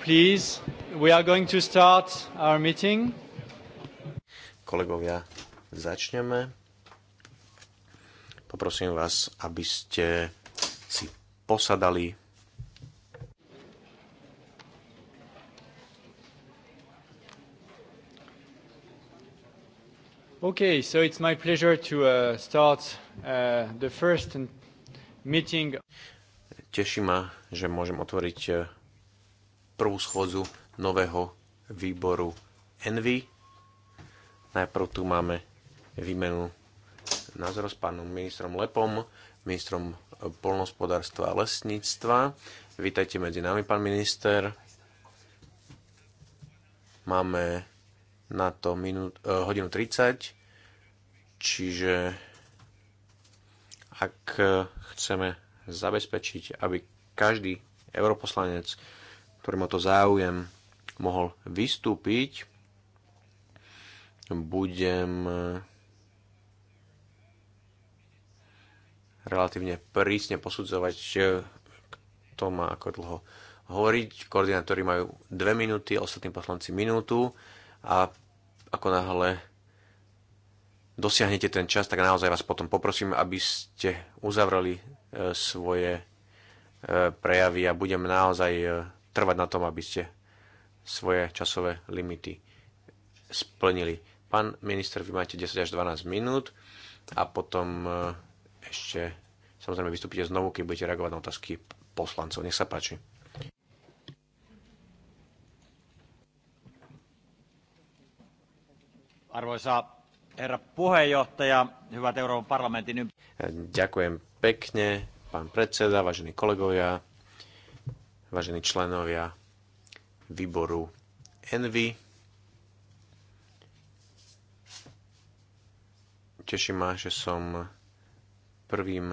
Please, we are going to start our meeting. Kolegovia, začneme. Poprosím vás, aby ste si posadali Okay, so it's my pleasure to uh, start uh, the first meeting. Teší ma, že môžem otvoriť uh, prvú schôdzu nového výboru Envy. Najprv tu máme výmenu názor s pánom ministrom Lepom, ministrom polnospodárstva a lesníctva. Vítajte medzi nami, pán minister. Máme na to minút, eh, hodinu 30, čiže ak chceme zabezpečiť, aby každý europoslanec ktorým o to záujem mohol vystúpiť. Budem eh, relatívne prísne posudzovať, eh, kto má ako dlho hovoriť. Koordinátori majú dve minúty, ostatní poslanci minútu a ako náhle dosiahnete ten čas, tak naozaj vás potom poprosím, aby ste uzavreli eh, svoje prejavy a budem naozaj trvať na tom, aby ste svoje časové limity splnili. Pán minister, vy máte 10 až 12 minút a potom e, ešte samozrejme vystúpite znovu, keď budete reagovať na otázky poslancov. Nech sa páči. Arvoisa herra puheenjohtaja, hyvät Euroopan parlamentin... Ďakujem pekne, pán predseda, vážení kolegovia vážení členovia výboru Envy. Teší ma, že som prvým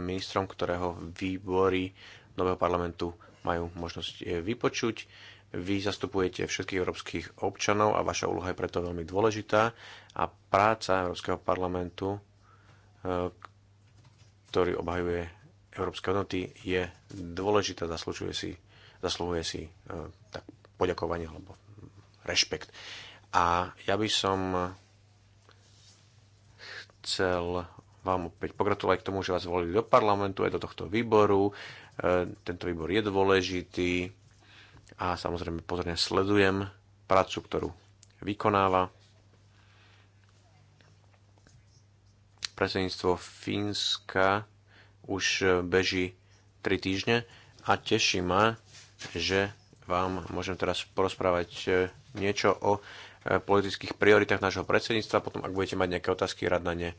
ministrom, ktorého výbory nového parlamentu majú možnosť eh, vypočuť. Vy zastupujete všetkých európskych občanov a vaša úloha je preto veľmi dôležitá a práca Európskeho parlamentu, eh, ktorý obhajuje európskej hodnoty je dôležitá, zaslúžuje si, zaslúhuje si e, tak poďakovanie alebo rešpekt. A ja by som chcel vám opäť pogratulovať k tomu, že vás volili do parlamentu, aj do tohto výboru. E, tento výbor je dôležitý a samozrejme pozorne sledujem prácu, ktorú vykonáva. Predsedníctvo Fínska už e, beží 3 týždne a teší ma, že vám môžem teraz porozprávať e, niečo o e, politických prioritách nášho predsedníctva. Potom, ak budete mať nejaké otázky, rád na ne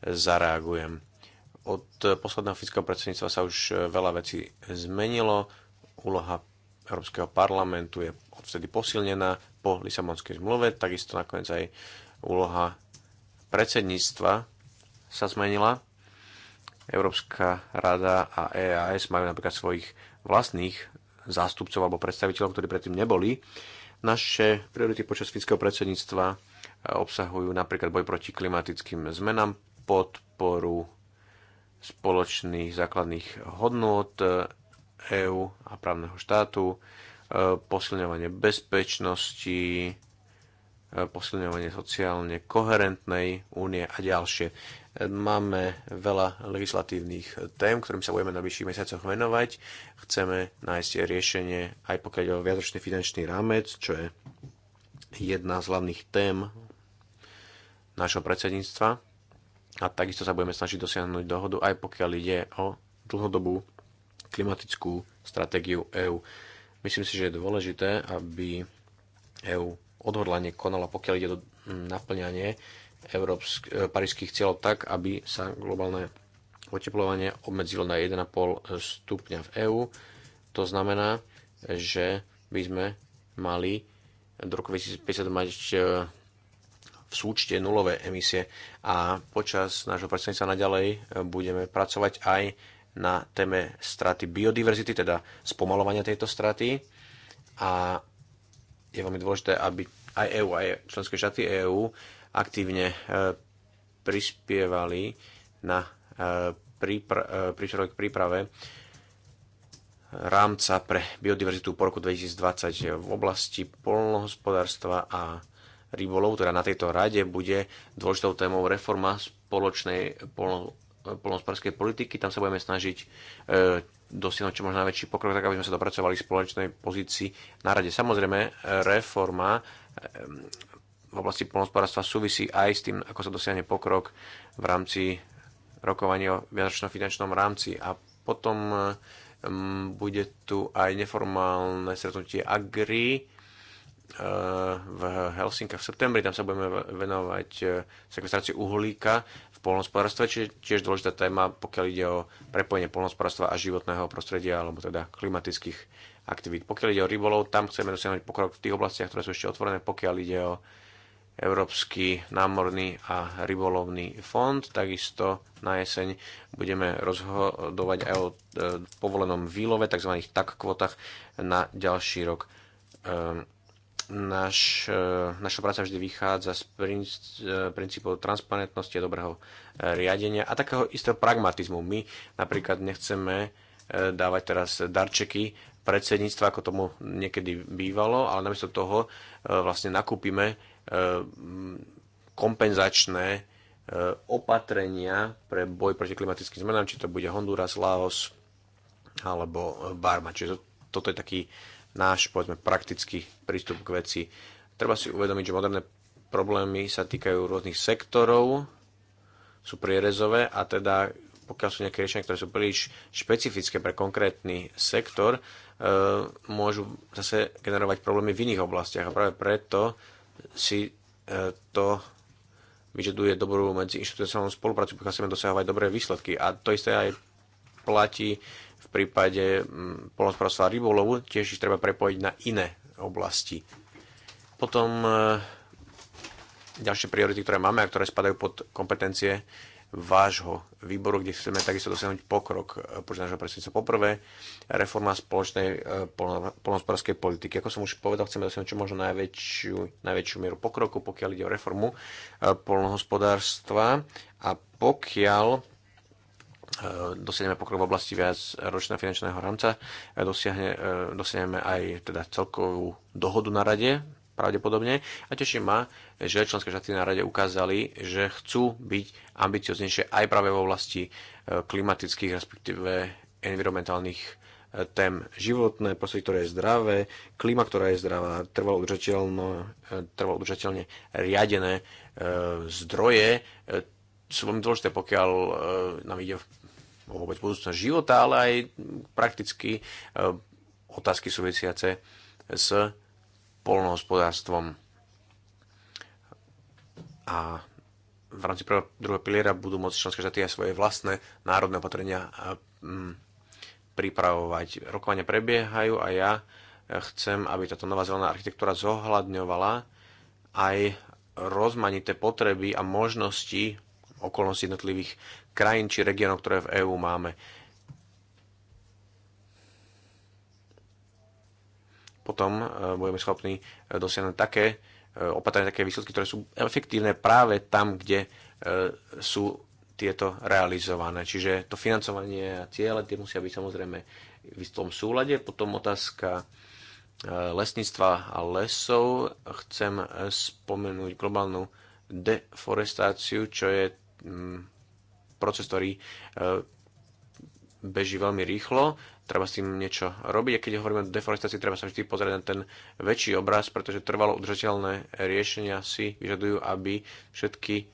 zareagujem. Od posledného fiskálneho predsedníctva sa už veľa vecí zmenilo. Úloha Európskeho parlamentu je odvtedy posilnená po Lisabonskej zmluve, takisto nakoniec aj úloha predsedníctva sa zmenila Európska rada a EAS majú napríklad svojich vlastných zástupcov alebo predstaviteľov, ktorí predtým neboli. Naše priority počas fínskeho predsedníctva e, obsahujú napríklad boj proti klimatickým zmenám, podporu spoločných základných hodnôt EÚ e a právneho štátu, e, posilňovanie bezpečnosti, posilňovanie sociálne koherentnej únie a ďalšie. Máme veľa legislatívnych tém, ktorým sa budeme na najbližších mesiacoch venovať. Chceme nájsť riešenie aj pokiaľ o viatočný finančný rámec, čo je jedna z hlavných tém nášho predsedníctva. A takisto sa budeme snažiť dosiahnuť dohodu, aj pokiaľ ide o dlhodobú klimatickú stratégiu EÚ. Myslím si, že je dôležité, aby EÚ odhodlanie konala, pokiaľ ide do mm, naplňanie európsk, e, parížských cieľov tak, aby sa globálne oteplovanie obmedzilo na 1,5 stupňa v EÚ. To znamená, že by sme mali do roku 2050 mať e, v súčte nulové emisie a počas nášho predsednica naďalej e, budeme pracovať aj na téme straty biodiverzity, teda spomalovania tejto straty a je veľmi dôležité, aby aj EÚ, aj členské štáty EÚ aktívne e, prispievali na e, prípra- e, príprave rámca pre biodiverzitu po roku 2020 v oblasti polnohospodárstva a rybolov, teda na tejto rade bude dôležitou témou reforma spoločnej polnohospodárskej politiky. Tam sa budeme snažiť e, dosiahnuť čo možno najväčší pokrok, tak aby sme sa dopracovali v spoločnej pozícii na rade. Samozrejme, reforma v oblasti polnospodárstva súvisí aj s tým, ako sa dosiahne pokrok v rámci rokovania o viacročnom finančnom rámci. A potom bude tu aj neformálne stretnutie Agri eh, v Helsinkách v septembri. Tam sa budeme venovať eh, sekvestrácii uhlíka v polnospodárstve, čiže tiež dôležitá téma, pokiaľ ide o prepojenie polnospodárstva a životného prostredia, alebo teda klimatických aktivít. Pokiaľ ide o rybolov, tam chceme dosiahnuť pokrok v tých oblastiach, ktoré sú ešte otvorené, pokiaľ ide o Európsky námorný a rybolovný fond. Takisto na jeseň budeme rozhodovať aj o e, povolenom výlove, tzv. tak kvotách na ďalší rok. E, naš, e, naša práca vždy vychádza z princípov transparentnosti a dobrého riadenia a takého istého pragmatizmu. My napríklad nechceme dávať teraz darčeky predsedníctva, ako tomu niekedy bývalo, ale namiesto toho vlastne nakúpime Eh, kompenzačné eh, opatrenia pre boj proti klimatickým zmenám, či to bude Honduras, Laos alebo Barma. Čiže toto je taký náš, povedzme, praktický prístup k veci. Treba si uvedomiť, že moderné problémy sa týkajú rôznych sektorov, sú prierezové a teda pokiaľ sú nejaké riešenia, ktoré sú príliš špecifické pre konkrétny sektor, eh, môžu zase generovať problémy v iných oblastiach. A práve preto si e, to vyžaduje dobrú medziinstitucionálnu spoluprácu, pokiaľ chceme dosahovať dobré výsledky. A to isté aj platí v prípade polnospodárstva rybolovu, tiež ich treba prepojiť na iné oblasti. Potom e, ďalšie priority, ktoré máme a ktoré spadajú pod kompetencie vášho výboru, kde chceme takisto dosiahnuť pokrok eh, počas nášho predsednictva. Poprvé, reforma spoločnej eh, polnospodárskej politiky. Ako som už povedal, chceme dosiahnuť čo možno najväčšiu, najväčšiu mieru pokroku, pokiaľ ide o reformu eh, polnohospodárstva a pokiaľ dosiahneme pokrok v oblasti viac ročného finančného rámca, dosiahneme aj teda celkovú dohodu na rade pravdepodobne. A teší ma, že členské štáty na rade ukázali, že chcú byť ambicioznejšie aj práve v oblasti e, klimatických, respektíve environmentálnych e, tém. Životné prostredie, ktoré je zdravé, klíma, ktorá je zdravá, trvalo, e, trvalo udržateľne riadené zdroje sú veľmi dôležité, pokiaľ nám ide vôbec budúcnosť života, ale aj prakticky otázky súvisiace s polnohospodárstvom. A v rámci prvého, druhého piliera budú môcť členské štáty aj svoje vlastné národné opatrenia mm, pripravovať. Rokovania prebiehajú a ja e, chcem, aby táto nová zelená architektúra zohľadňovala aj rozmanité potreby a možnosti okolnosti jednotlivých krajín či regiónov, ktoré v EÚ máme. potom e, budeme schopní e, dosiahnuť také e, opatrenia, také výsledky, ktoré sú efektívne práve tam, kde sú tieto realizované. Čiže to financovanie a ciele, tie musia byť samozrejme v istom súlade. Potom otázka lesníctva a lesov. Chcem spomenúť globálnu deforestáciu, čo je mm, proces, ktorý beží veľmi rýchlo treba s tým niečo robiť. A keď hovoríme o deforestácii, treba sa vždy pozrieť na ten väčší obraz, pretože trvalo udržateľné riešenia si vyžadujú, aby všetky e,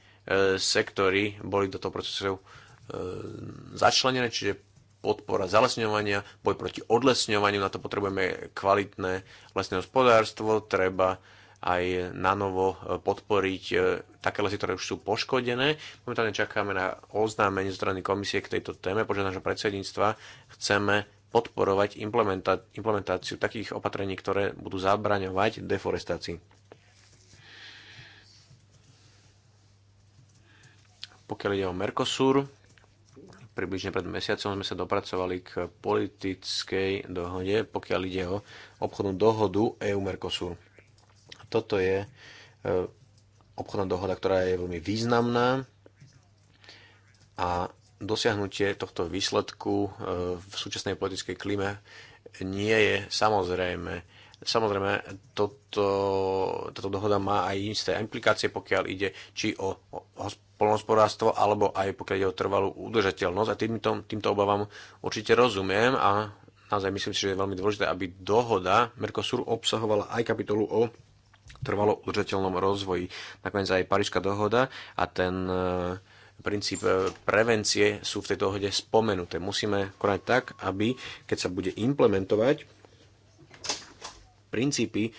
sektory boli do toho procesu e, začlenené, čiže podpora zalesňovania, boj proti odlesňovaniu, na to potrebujeme kvalitné lesné hospodárstvo, treba aj na novo e, podporiť e, také lesy, ktoré už sú poškodené. Momentálne čakáme na oznámenie zo strany komisie k tejto téme. Počas nášho predsedníctva chceme podporovať implementá- implementáciu takých opatrení, ktoré budú zabraňovať deforestácii. Pokiaľ ide o Mercosur, približne pred mesiacom sme sa dopracovali k politickej dohode, pokiaľ ide o obchodnú dohodu EU-Mercosur. Toto je e, obchodná dohoda, ktorá je veľmi významná a dosiahnutie tohto výsledku e, v súčasnej politickej klíme nie je samozrejme. Samozrejme, toto, táto dohoda má aj isté implikácie, pokiaľ ide či o, o polnospodárstvo, alebo aj pokiaľ ide o trvalú udržateľnosť. A týmto, týmto obavám určite rozumiem a naozaj myslím si, že je veľmi dôležité, aby dohoda Mercosur obsahovala aj kapitolu o trvalo udržateľnom rozvoji. Nakoniec aj Parížska dohoda a ten e, princíp e, prevencie sú v tejto dohode spomenuté. Musíme konať tak, aby keď sa bude implementovať, princípy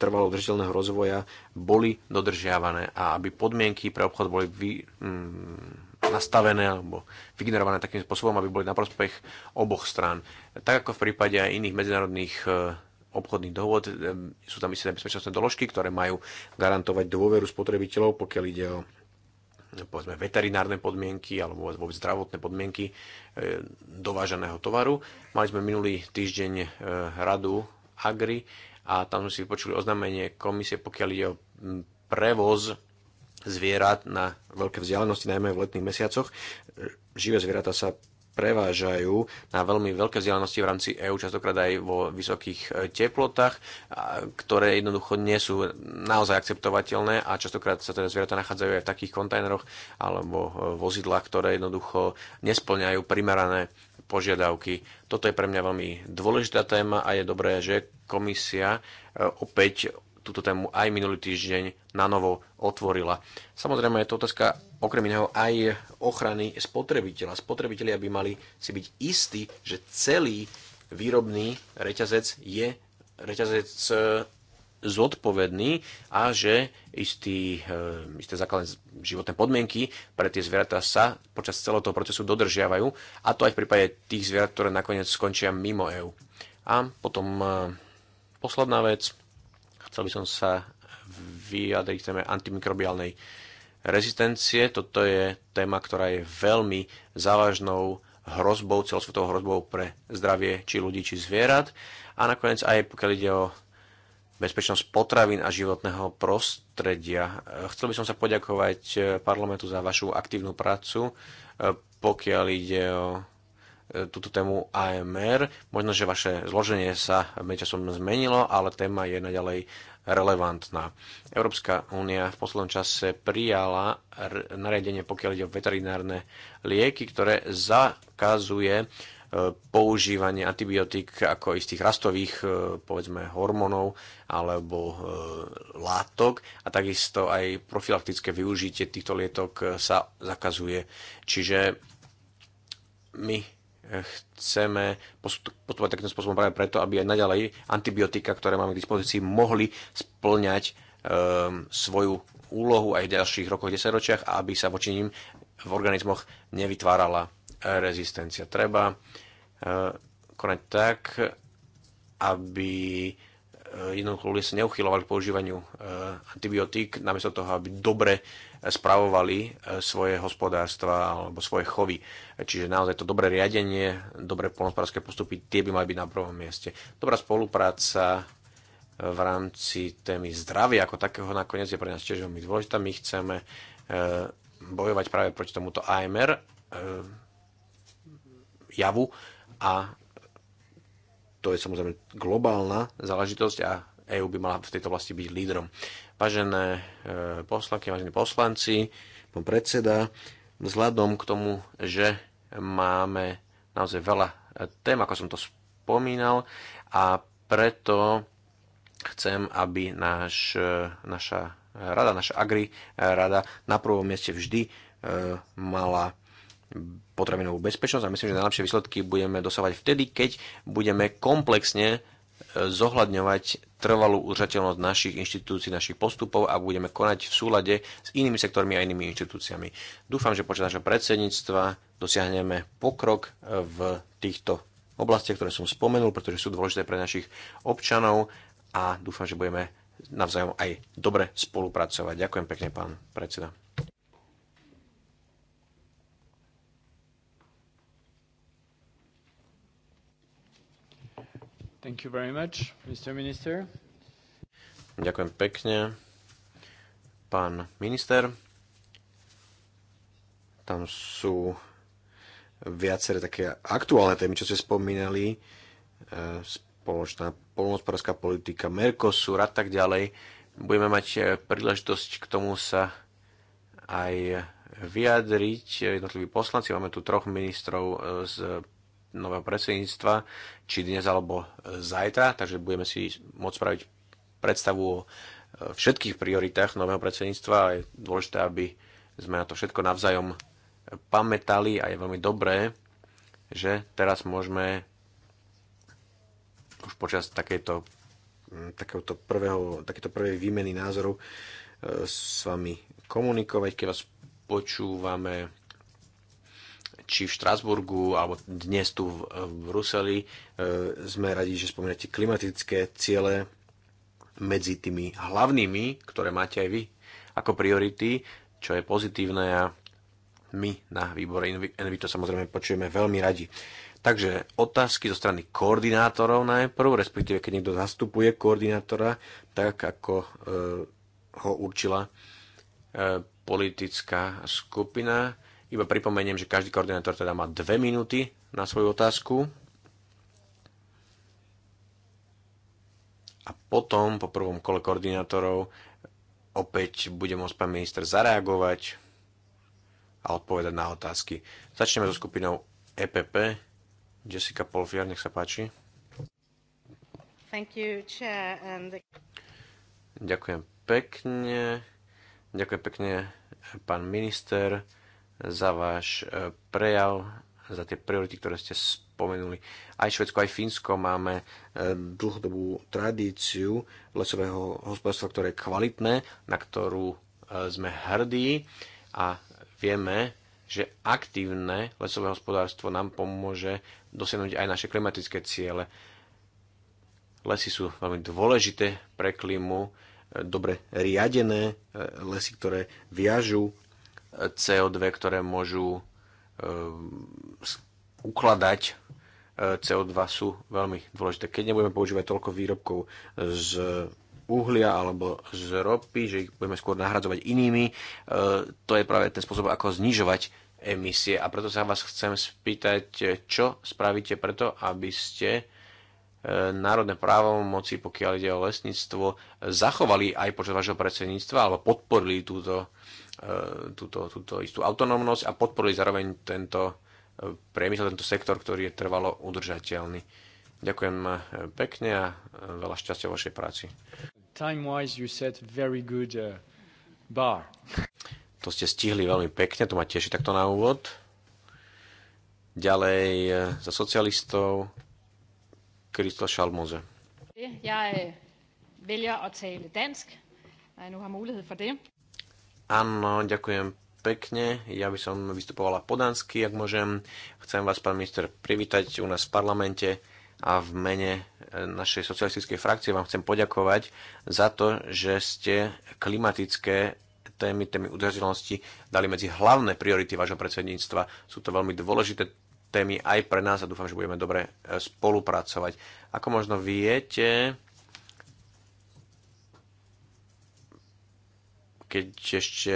trvalo udržiteľného rozvoja boli dodržiavané a aby podmienky pre obchod boli vy, m, mm, nastavené alebo vygenerované takým spôsobom, aby boli na prospech oboch strán. Tak ako v prípade aj iných medzinárodných e, obchodných dohod, e, sú tam isté bezpečnostné doložky, ktoré majú garantovať dôveru spotrebiteľov, pokiaľ ide o povedzme veterinárne podmienky alebo vôbec zdravotné podmienky e, dovážaného tovaru. Mali sme minulý týždeň e, radu Agri a tam sme si počuli oznámenie komisie, pokiaľ ide o prevoz zvierat na veľké vzdialenosti, najmä v letných mesiacoch. E, živé zvieratá sa prevážajú na veľmi veľké vzdialenosti v rámci EÚ, častokrát aj vo vysokých e, teplotách, ktoré jednoducho nie sú naozaj akceptovateľné a častokrát sa teda zvieratá nachádzajú aj v takých kontajneroch alebo e, vozidlách, ktoré jednoducho nesplňajú primerané požiadavky. Toto je pre mňa veľmi dôležitá téma a je dobré, že komisia e, opäť túto tému aj minulý týždeň na novo otvorila. Samozrejme je to otázka okrem iného aj ochrany spotrebiteľa. Spotrebitelia by mali si byť istí, že celý výrobný reťazec je reťazec e, zodpovedný a že istý, e, isté základné životné podmienky pre tie zvieratá sa počas celého toho procesu dodržiavajú a to aj v prípade tých zvierat, ktoré nakoniec skončia mimo EÚ. A potom e, posledná vec, Chcel by som sa vyjadriť téme antimikrobiálnej rezistencie. Toto je téma, ktorá je veľmi závažnou hrozbou, celosvetovou hrozbou pre zdravie či ľudí, či zvierat. A nakoniec aj pokiaľ ide o bezpečnosť potravín a životného prostredia. Chcel by som sa poďakovať eh, parlamentu za vašu aktívnu prácu, eh, pokiaľ ide o túto tému AMR. Možno, že vaše zloženie sa medzičasom zmenilo, ale téma je naďalej relevantná. Európska únia v poslednom čase prijala nariadenie, pokiaľ ide o veterinárne lieky, ktoré zakazuje e, používanie antibiotík ako istých rastových, e, povedzme, hormónov alebo e, látok a takisto aj profilaktické využitie týchto lietok sa zakazuje. Čiže my chceme postupovať takýmto spôsobom práve preto, aby aj naďalej antibiotika, ktoré máme k dispozícii, mohli splňať um, svoju úlohu aj v ďalších rokoch, desaťročiach a aby sa voči ním v organizmoch nevytvárala rezistencia. Treba uh, konať tak, aby eh, jednoducho ľudia sa neuchylovali k používaniu eh, antibiotík, namiesto toho, aby dobre spravovali e, svoje hospodárstva alebo svoje chovy. Čiže naozaj to dobré riadenie, dobré polnospodárske postupy, tie by mali byť na prvom mieste. Dobrá spolupráca e, v rámci témy zdravia ako takého nakoniec je pre nás tiež veľmi dôležitá. My chceme e, bojovať práve proti tomuto AMR javu a to je samozrejme globálna záležitosť a EÚ by mala v tejto oblasti byť lídrom. Vážené e, poslanky, vážení poslanci, pán predseda, vzhľadom k tomu, že máme naozaj veľa e, tém, ako som to spomínal, a preto chcem, aby náš, e, naša rada, naša agri rada na prvom mieste vždy mala potravinovú bezpečnosť a myslím, že najlepšie výsledky budeme dosávať vtedy, keď budeme komplexne zohľadňovať trvalú udržateľnosť našich inštitúcií, našich postupov a budeme konať v súlade s inými sektormi a inými inštitúciami. Dúfam, že počas našho predsedníctva dosiahneme pokrok e, v týchto oblastiach, ktoré som spomenul, pretože sú dôležité pre našich občanov a dúfam, že budeme navzájom aj dobre spolupracovať. Ďakujem pekne, pán predseda. Thank you very much, Mr. Minister. Ďakujem pekne. Pán minister, tam sú viaceré také aktuálne témy, čo ste spomínali, e, spoločná polnospodárska politika, Mercosur a tak ďalej. Budeme mať e, príležitosť k tomu sa aj vyjadriť e, jednotliví poslanci. Máme tu troch ministrov z nového predsedníctva, či dnes alebo e, zajtra, takže budeme si môcť spraviť predstavu o e, všetkých prioritách nového predsedníctva a je dôležité, aby sme na to všetko navzájom pamätali a je veľmi dobré, že teraz môžeme už počas takéto, takéto prvého, takéto prvej výmeny názorov e, s vami komunikovať, keď vás počúvame či v Štrásburgu, alebo dnes tu v, Bruseli. E, sme radi, že spomínate klimatické ciele medzi tými hlavnými, ktoré máte aj vy ako priority, čo je pozitívne a my na výbore Envy to samozrejme počujeme veľmi radi. Takže otázky zo strany koordinátorov najprv, respektíve keď niekto zastupuje koordinátora, tak ako e, ho určila e, politická skupina. Iba pripomeniem, že každý koordinátor teda má dve minúty na svoju otázku. A potom, po prvom kole koordinátorov, opäť bude môcť pán minister zareagovať a odpovedať na otázky. Začneme so skupinou EPP. Jessica Polfiar, nech sa páči. Thank you, chair, and... Ďakujem pekne. Ďakujem pekne, pán minister za váš e, prejav, za tie priority, ktoré ste spomenuli. Aj Švedsko, aj Fínsko máme e, dlhodobú tradíciu lesového hospodárstva, ktoré je kvalitné, na ktorú e, sme hrdí a vieme, že aktívne lesové hospodárstvo nám pomôže dosiahnuť aj naše klimatické ciele. Lesy sú veľmi dôležité pre klímu, dobre riadené lesy, ktoré viažú CO2, ktoré môžu e, ukladať e, CO2 sú veľmi dôležité. Keď nebudeme používať toľko výrobkov z uhlia alebo z ropy, že ich budeme skôr nahradzovať inými, e, to je práve ten spôsob, ako znižovať emisie. A preto sa vás chcem spýtať, čo spravíte preto, aby ste národné právomoci, pokiaľ ide o lesníctvo, zachovali aj počas vašho predsedníctva alebo podporili túto E, túto, túto istú autonómnosť a podporili zároveň tento e, priemysel, tento sektor, ktorý je trvalo udržateľný. Ďakujem e, pekne a veľa šťastia vo vašej práci. Time-wise you set very good bar. To ste stihli veľmi pekne, to ma teší takto na úvod. Ďalej za socialistov Kristo Šalmoze. Ja er vælger at dansk, når nu har mulighed for det. Áno, ďakujem pekne. Ja by som vystupovala po dánsky, ak môžem. Chcem vás, pán minister, privítať u nás v parlamente a v mene eh, našej socialistickej frakcie vám chcem poďakovať za to, že ste klimatické témy, témy udržateľnosti dali medzi hlavné priority vášho predsedníctva. Sú to veľmi dôležité témy aj pre nás a dúfam, že budeme dobre eh, spolupracovať. Ako možno viete, keď ešte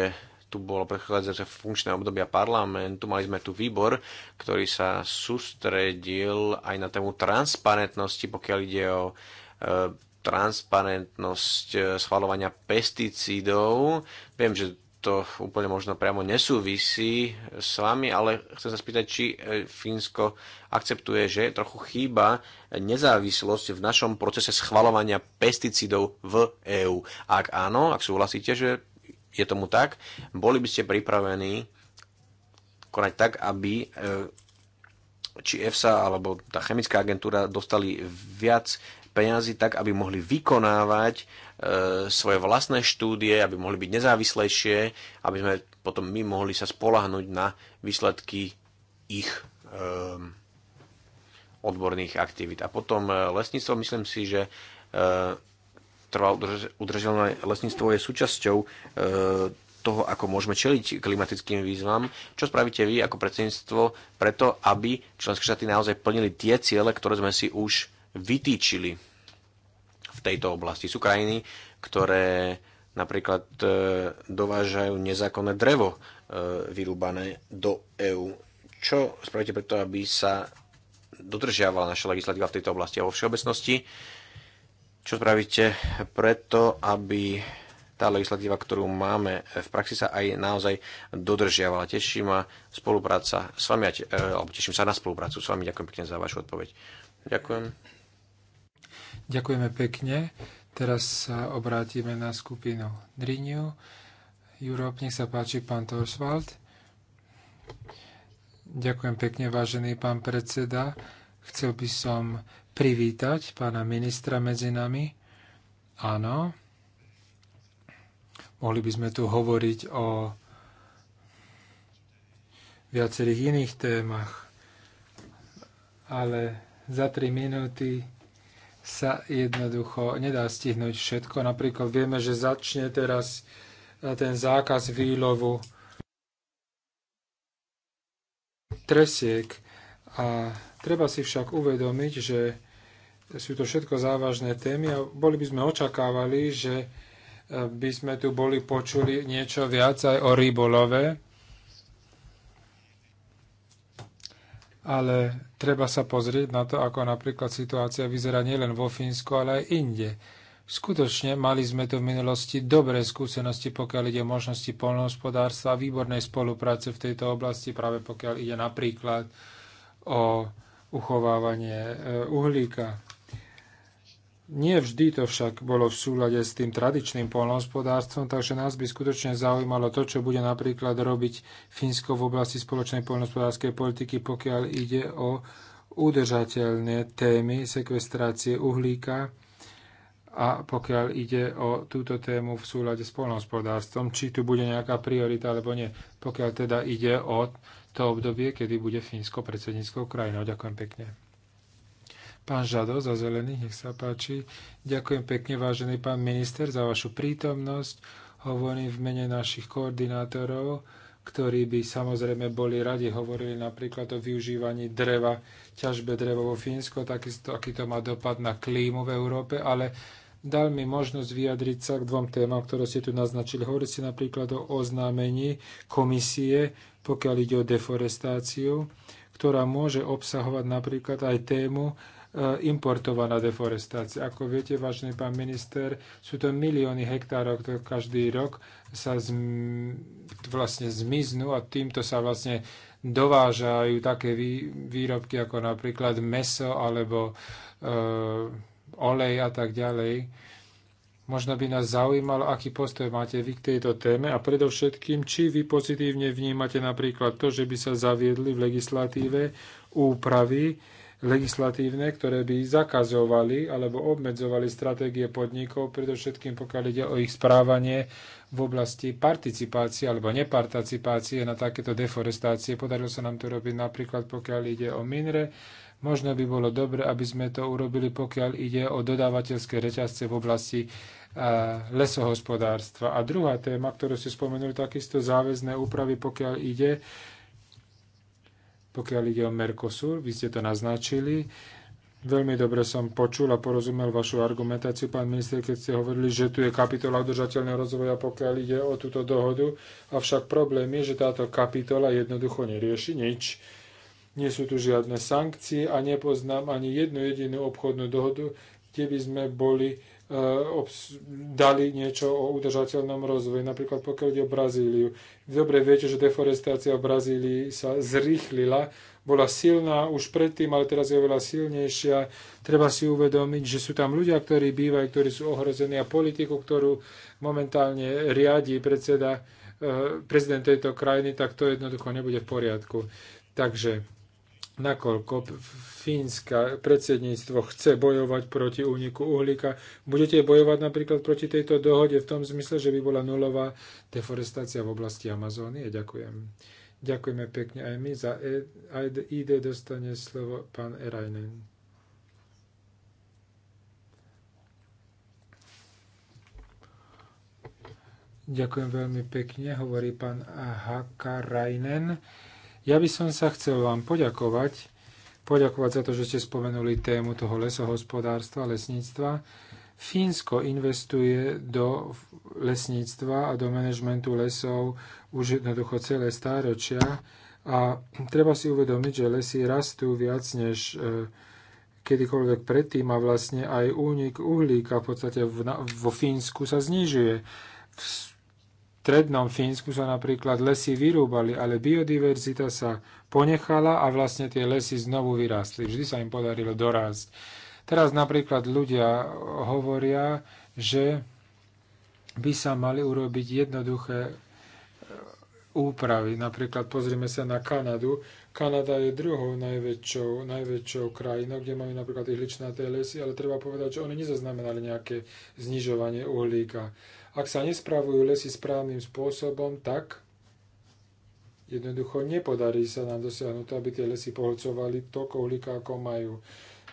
tu bolo predchádzajúce funkčné obdobia parlamentu, mali sme tu výbor, ktorý sa sústredil aj na tému transparentnosti, pokiaľ ide o e, transparentnosť e, schvalovania pesticídov. Viem, že to úplne možno priamo nesúvisí s vami, ale chcem sa spýtať, či e, Fínsko akceptuje, že trochu chýba nezávislosť v našom procese schvalovania pesticídov v EÚ. Ak áno, ak súhlasíte, že je tomu tak, boli by ste pripravení konať tak, aby e, či EFSA alebo tá chemická agentúra dostali viac peniazy tak, aby mohli vykonávať e, svoje vlastné štúdie, aby mohli byť nezávislejšie, aby sme potom my mohli sa spolahnuť na výsledky ich e, odborných aktivít. A potom e, lesníctvo, myslím si, že e, Trvá udržateľné lesníctvo je súčasťou e, toho, ako môžeme čeliť klimatickým výzvam. Čo spravíte vy ako predsedníctvo preto, aby členské štáty naozaj plnili tie ciele, ktoré sme si už vytýčili v tejto oblasti? Sú krajiny, ktoré napríklad e, dovážajú nezákonné drevo e, vyrúbané do EÚ. Čo spravíte preto, aby sa dodržiavala naša legislatíva v tejto oblasti a vo všeobecnosti? Čo spravíte preto, aby tá legislatíva, ktorú máme v praxi, sa aj naozaj dodržiavala. Teší ma spolupráca s vami, e, alebo teším sa na spoluprácu s vami. Ďakujem pekne za vašu odpoveď. Ďakujem. Ďakujeme pekne. Teraz sa obrátime na skupinu Drinu. Europe, nech sa páči, pán Torswald. Ďakujem pekne, vážený pán predseda. Chcel by som privítať pána ministra medzi nami. Áno, mohli by sme tu hovoriť o viacerých iných témach, ale za 3 minúty sa jednoducho nedá stihnúť všetko. Napríklad vieme, že začne teraz e, ten zákaz výlovu tresiek a Treba si však uvedomiť, že sú to všetko závažné témy a boli by sme očakávali, že e, by sme tu boli počuli niečo viac aj o rybolove, ale treba sa pozrieť na to, ako napríklad situácia vyzerá nielen vo Fínsku, ale aj inde. Skutočne mali sme tu v minulosti dobré skúsenosti, pokiaľ ide o možnosti polnohospodárstva a výbornej spolupráce v tejto oblasti, práve pokiaľ ide napríklad o uchovávanie e, uhlíka. Nie vždy to však bolo v súlade s tým tradičným poľnohospodárstvom, takže nás by skutočne zaujímalo to, čo bude napríklad robiť Fínsko v oblasti spoločnej poľnohospodárskej politiky, pokiaľ ide o udržateľné témy sekvestrácie uhlíka a pokiaľ ide o túto tému v súlade s poľnohospodárstvom, či tu bude nejaká priorita alebo nie, pokiaľ teda ide o to obdobie, kedy bude Fínsko predsedníckou krajinou. Ďakujem pekne. Pán Žado za zelených, nech sa páči. Ďakujem pekne, vážený pán minister, za vašu prítomnosť. Hovorím v mene našich koordinátorov, ktorí by samozrejme boli radi hovorili napríklad o využívaní dreva, ťažbe drevo vo Fínsko, takisto aký to má dopad na klímu v Európe, ale dal mi možnosť vyjadriť sa k dvom témam, ktoré ste tu naznačili. Hovorí si napríklad o oznámení komisie, pokiaľ ide o deforestáciu, ktorá môže obsahovať napríklad aj tému e, importovaná deforestácia. Ako viete, vážený pán minister, sú to milióny hektárov, ktoré každý rok sa vlastne zmiznú a týmto sa vlastne dovážajú také výrobky ako napríklad meso alebo e, olej a tak ďalej. Možno by nás zaujímalo, aký postoj máte vy k tejto téme a predovšetkým, či vy pozitívne vnímate napríklad to, že by sa zaviedli v legislatíve úpravy legislatívne, ktoré by zakazovali alebo obmedzovali stratégie podnikov, predovšetkým pokiaľ ide o ich správanie v oblasti participácie alebo neparticipácie na takéto deforestácie. Podarilo sa nám to robiť napríklad, pokiaľ ide o minre, Možno by bolo dobre, aby sme to urobili, pokiaľ ide o dodávateľské reťazce v oblasti e, lesohospodárstva. A druhá téma, ktorú ste spomenuli, takisto záväzné úpravy, pokiaľ ide, pokiaľ ide o Mercosur, vy ste to naznačili. Veľmi dobre som počul a porozumel vašu argumentáciu, pán minister, keď ste hovorili, že tu je kapitola udržateľného rozvoja, pokiaľ ide o túto dohodu. Avšak problém je, že táto kapitola jednoducho nerieši nič nie sú tu žiadne sankcie a nepoznám ani jednu jedinú obchodnú dohodu, kde by sme boli e, dali niečo o udržateľnom rozvoji. Napríklad pokiaľ ide o Brazíliu. Dobre viete, že deforestácia v Brazílii sa zrýchlila. Bola silná už predtým, ale teraz je oveľa silnejšia. Treba si uvedomiť, že sú tam ľudia, ktorí bývajú, ktorí sú ohrození a politiku, ktorú momentálne riadi predseda, e, prezident tejto krajiny, tak to jednoducho nebude v poriadku. Takže nakoľko fínska predsedníctvo chce bojovať proti úniku uhlíka. Budete bojovať napríklad proti tejto dohode v tom zmysle, že by bola nulová deforestácia v oblasti Amazónie? Ďakujem. Ďakujeme pekne aj my. Za e- ID dostane slovo pán Erajnen. Ďakujem veľmi pekne, hovorí pán Hakarainen. Rajnen. Ja by som sa chcel vám poďakovať, poďakovať za to, že ste spomenuli tému toho lesohospodárstva, lesníctva. Fínsko investuje do lesníctva a do manažmentu lesov už jednoducho celé stáročia a treba si uvedomiť, že lesy rastú viac než e, kedykoľvek predtým a vlastne aj únik uhlíka v podstate vo Fínsku sa znižuje strednom Fínsku sa napríklad lesy vyrúbali, ale biodiverzita sa ponechala a vlastne tie lesy znovu vyrástli. Vždy sa im podarilo dorásť. Teraz napríklad ľudia hovoria, že by sa mali urobiť jednoduché e, úpravy. Napríklad pozrime sa na Kanadu. Kanada je druhou najväčšou, najväčšou krajinou, kde majú napríklad ihličnaté lesy, ale treba povedať, že oni nezaznamenali nejaké znižovanie uhlíka. Ak sa nespravujú lesy správnym spôsobom, tak jednoducho nepodarí sa nám dosiahnuť, aby tie lesy pohľcovali toľko uhlíka, ako majú.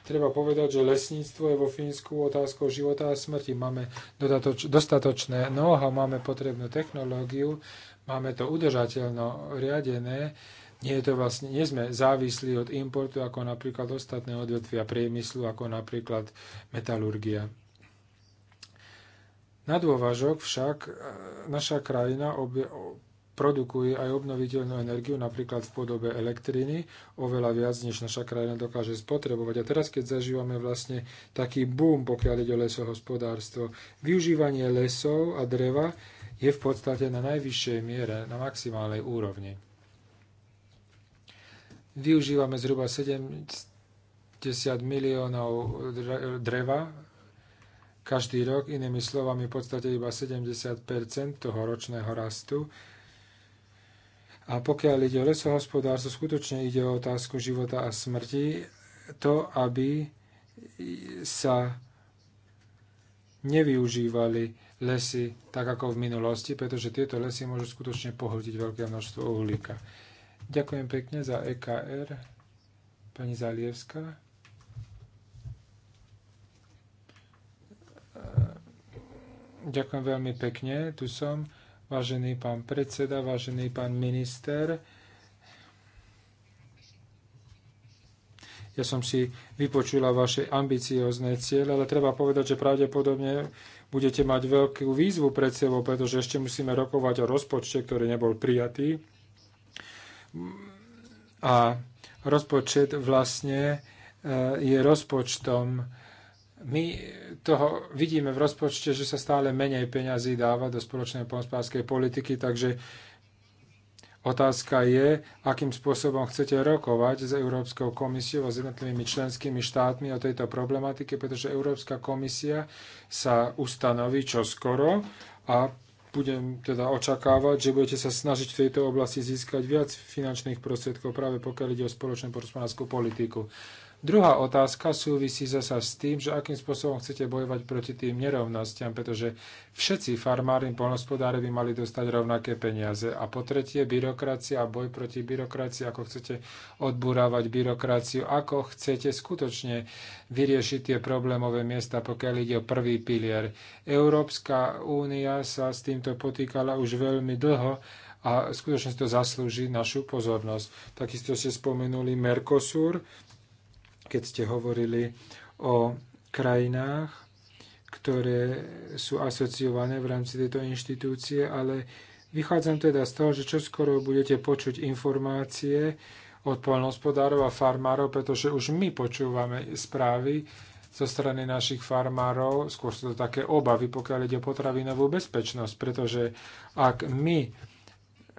Treba povedať, že lesníctvo je vo Fínsku otázkou života a smrti. Máme dodatoč, dostatočné noha, máme potrebnú technológiu, máme to udržateľno riadené. Nie, je to vlastne, nie sme závislí od importu ako napríklad ostatné odvetvia priemyslu, ako napríklad metalurgia. Na dôvažok však e, naša krajina obje, produkuje aj obnoviteľnú energiu, napríklad v podobe elektriny, oveľa viac, než naša krajina dokáže spotrebovať. A teraz, keď zažívame vlastne taký boom, pokiaľ ide o lesohospodárstvo, využívanie lesov a dreva je v podstate na najvyššej miere, na maximálnej úrovni. Využívame zhruba 70 miliónov dreva každý rok, inými slovami v podstate iba 70 toho ročného rastu. A pokiaľ ide o lesohospodárstvo, skutočne ide o otázku života a smrti, to, aby sa nevyužívali lesy tak ako v minulosti, pretože tieto lesy môžu skutočne pohltiť veľké množstvo uhlíka. Ďakujem pekne za EKR, pani Zalievská. Ďakujem veľmi pekne, tu som. Vážený pán predseda, vážený pán minister, ja som si vypočula vaše ambiciózne cieľe, ale treba povedať, že pravdepodobne budete mať veľkú výzvu pred sebou, pretože ešte musíme rokovať o rozpočte, ktorý nebol prijatý. A rozpočet vlastne eh, je rozpočtom my toho vidíme v rozpočte, že sa stále menej peňazí dáva do spoločnej pomospárskej politiky, takže otázka je, akým spôsobom chcete rokovať s Európskou komisiou a s jednotlivými členskými štátmi o tejto problematike, pretože Európska komisia sa ustanoví čoskoro a budem teda očakávať, že budete sa snažiť v tejto oblasti získať viac finančných prostriedkov práve pokiaľ ide o spoločnú porozpánskú politiku. Druhá otázka súvisí zasa s tým, že akým spôsobom chcete bojovať proti tým nerovnostiam, pretože všetci farmári, polnospodári by mali dostať rovnaké peniaze. A po tretie, byrokracia a boj proti byrokracii, ako chcete odburávať byrokraciu, ako chcete skutočne vyriešiť tie problémové miesta, pokiaľ ide o prvý pilier. Európska únia sa s týmto potýkala už veľmi dlho a skutočne to zaslúži našu pozornosť. Takisto ste spomenuli Mercosur, keď ste hovorili o krajinách, ktoré sú asociované v rámci tejto inštitúcie, ale vychádzam teda z toho, že čoskoro budete počuť informácie od poľnohospodárov a farmárov, pretože už my počúvame správy zo strany našich farmárov, skôr sú to také obavy, pokiaľ ide o potravinovú bezpečnosť, pretože ak my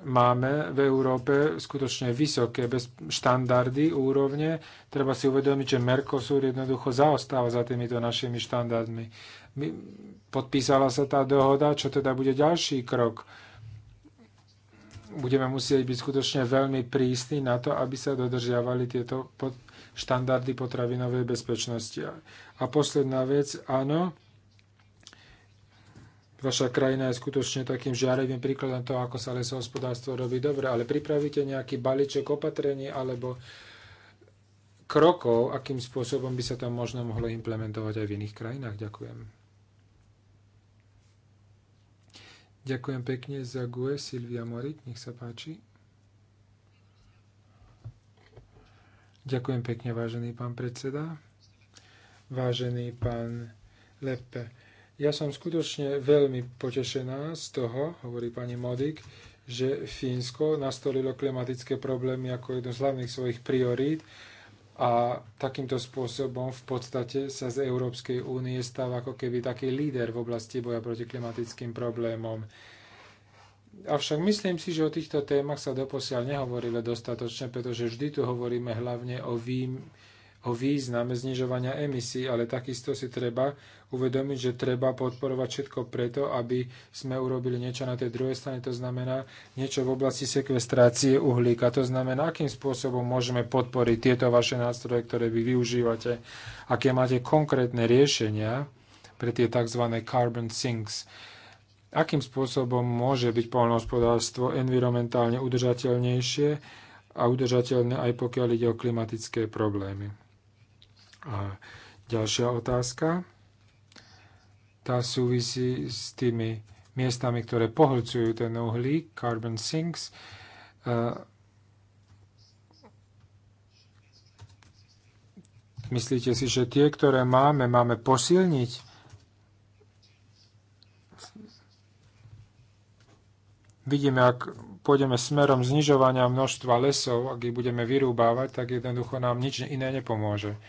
máme v Európe skutočne vysoké bez štandardy, úrovne. Treba si uvedomiť, že Mercosur jednoducho zaostáva za týmito našimi štandardmi. My, podpísala sa tá dohoda, čo teda bude ďalší krok. Budeme musieť byť skutočne veľmi prísni na to, aby sa dodržiavali tieto pod, štandardy potravinovej bezpečnosti. A posledná vec, áno, Vaša krajina je skutočne takým žiarevým príkladom toho, ako sa lesohospodárstvo robí dobre, ale pripravíte nejaký balíček opatrení alebo krokov, akým spôsobom by sa to možno mohlo implementovať aj v iných krajinách. Ďakujem. Ďakujem pekne za GUE, Silvia Morit, nech sa páči. Ďakujem pekne, vážený pán predseda. Vážený pán Lepe, ja som skutočne veľmi potešená z toho, hovorí pani Modik, že Fínsko nastolilo klimatické problémy ako jedno z hlavných svojich priorít a takýmto spôsobom v podstate sa z Európskej únie stáva ako keby taký líder v oblasti boja proti klimatickým problémom. Avšak myslím si, že o týchto témach sa doposiaľ nehovorilo dostatočne, pretože vždy tu hovoríme hlavne o výjim, o význame znižovania emisí, ale takisto si treba uvedomiť, že treba podporovať všetko preto, aby sme urobili niečo na tej druhej strane, to znamená niečo v oblasti sekvestrácie uhlíka. To znamená, akým spôsobom môžeme podporiť tieto vaše nástroje, ktoré vy využívate, aké máte konkrétne riešenia pre tie tzv. carbon sinks akým spôsobom môže byť poľnohospodárstvo environmentálne udržateľnejšie a udržateľné aj pokiaľ ide o klimatické problémy. A ďalšia otázka. Tá súvisí s tými miestami, ktoré pohľcujú ten uhlík, carbon sinks. Myslíte si, že tie, ktoré máme, máme posilniť? Vidíme, ak pôjdeme smerom znižovania množstva lesov, ak ich budeme vyrúbávať, tak jednoducho nám nič iné nepomôže. Uh,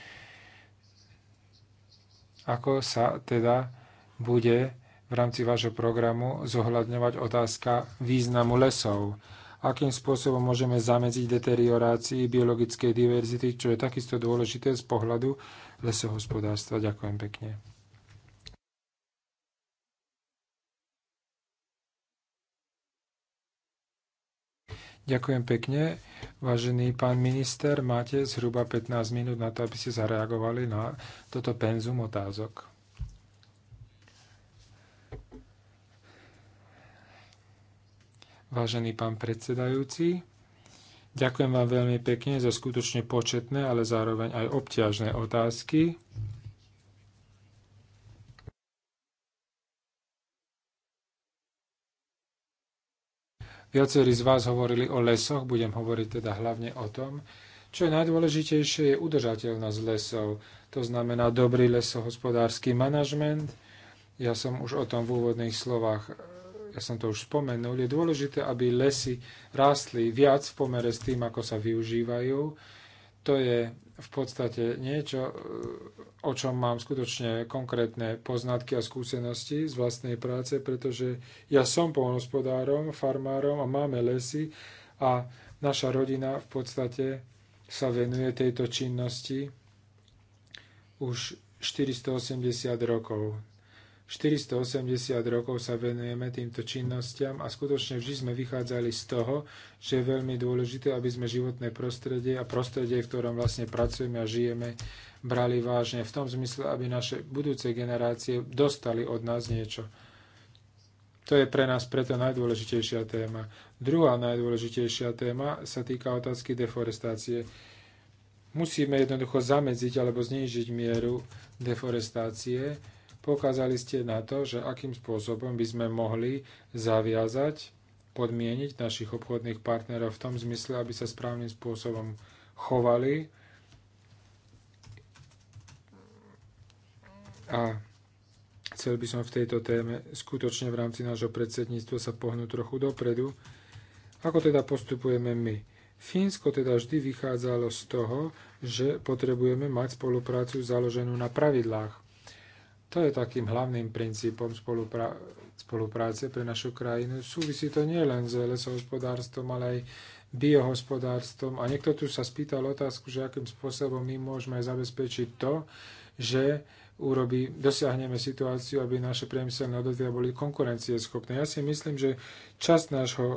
ako sa teda bude v rámci vášho programu zohľadňovať otázka významu lesov? Akým spôsobom môžeme zamedziť deteriorácii biologickej diverzity, čo je takisto dôležité z pohľadu lesohospodárstva? Ďakujem pekne. Ďakujem pekne. Vážený pán minister, máte zhruba 15 minút na to, aby ste zareagovali na toto penzum otázok. Vážený pán predsedajúci, ďakujem vám veľmi pekne za skutočne početné, ale zároveň aj obťažné otázky. Viacerí z vás hovorili o lesoch, budem hovoriť teda hlavne o tom. Čo je najdôležitejšie, je udržateľnosť lesov. To znamená dobrý lesohospodársky manažment. Ja som už o tom v úvodných slovách ja som to už spomenul, je dôležité, aby lesy rástli viac v pomere s tým, ako sa využívajú. To je v podstate niečo, e, o čom mám skutočne konkrétne poznatky a skúsenosti z vlastnej práce, pretože ja som polnospodárom, farmárom a máme lesy a naša rodina v podstate sa venuje tejto činnosti už 480 rokov. 480 rokov sa venujeme týmto činnostiam a skutočne vždy sme vychádzali z toho, že je veľmi dôležité, aby sme životné prostredie a prostredie, v ktorom vlastne pracujeme a žijeme, brali vážne. V tom zmysle, aby naše budúce generácie dostali od nás niečo. To je pre nás preto najdôležitejšia téma. Druhá najdôležitejšia téma sa týka otázky deforestácie. Musíme jednoducho zamedziť alebo znížiť mieru deforestácie Poukázali ste na to, že akým spôsobom by sme mohli zaviazať, podmieniť našich obchodných partnerov v tom zmysle, aby sa správnym spôsobom chovali a chcel by som v tejto téme skutočne v rámci nášho predsedníctva sa pohnúť trochu dopredu. Ako teda postupujeme my? Fínsko teda vždy vychádzalo z toho, že potrebujeme mať spoluprácu založenú na pravidlách. To je takým hlavným princípom spolupra- spolupráce pre našu krajinu. Súvisí to nielen s lesohospodárstvom, ale aj biohospodárstvom. A niekto tu sa spýtal otázku, že akým spôsobom my môžeme zabezpečiť to, že urobi, dosiahneme situáciu, aby naše priemyselné odvetvia boli konkurencieschopné. Ja si myslím, že časť nášho,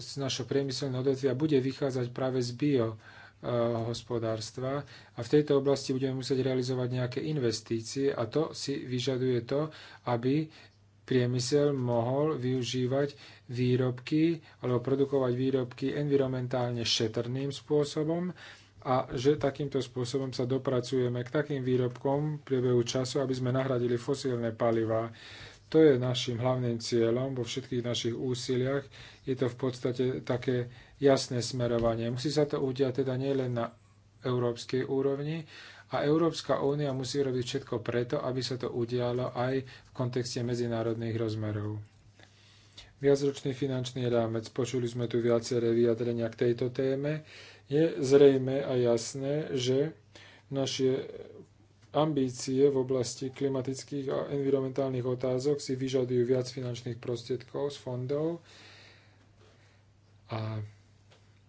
z našho priemyselného odvetvia bude vychádzať práve z bio Eh, hospodárstva. A v tejto oblasti budeme musieť realizovať nejaké investície a to si vyžaduje to, aby priemysel mohol využívať výrobky alebo produkovať výrobky environmentálne šetrným spôsobom a že takýmto spôsobom sa dopracujeme k takým výrobkom v priebehu času, aby sme nahradili fosílne paliva. To je našim hlavným cieľom vo všetkých našich úsiliach. Je to v podstate také jasné smerovanie. Musí sa to udiať teda nielen na európskej úrovni, a Európska únia musí robiť všetko preto, aby sa to udialo aj v kontexte medzinárodných rozmerov. Viacročný finančný rámec, počuli sme tu viaceré vyjadrenia k tejto téme, je zrejme a jasné, že naše ambície v oblasti klimatických a environmentálnych otázok si vyžadujú viac finančných prostriedkov z fondov a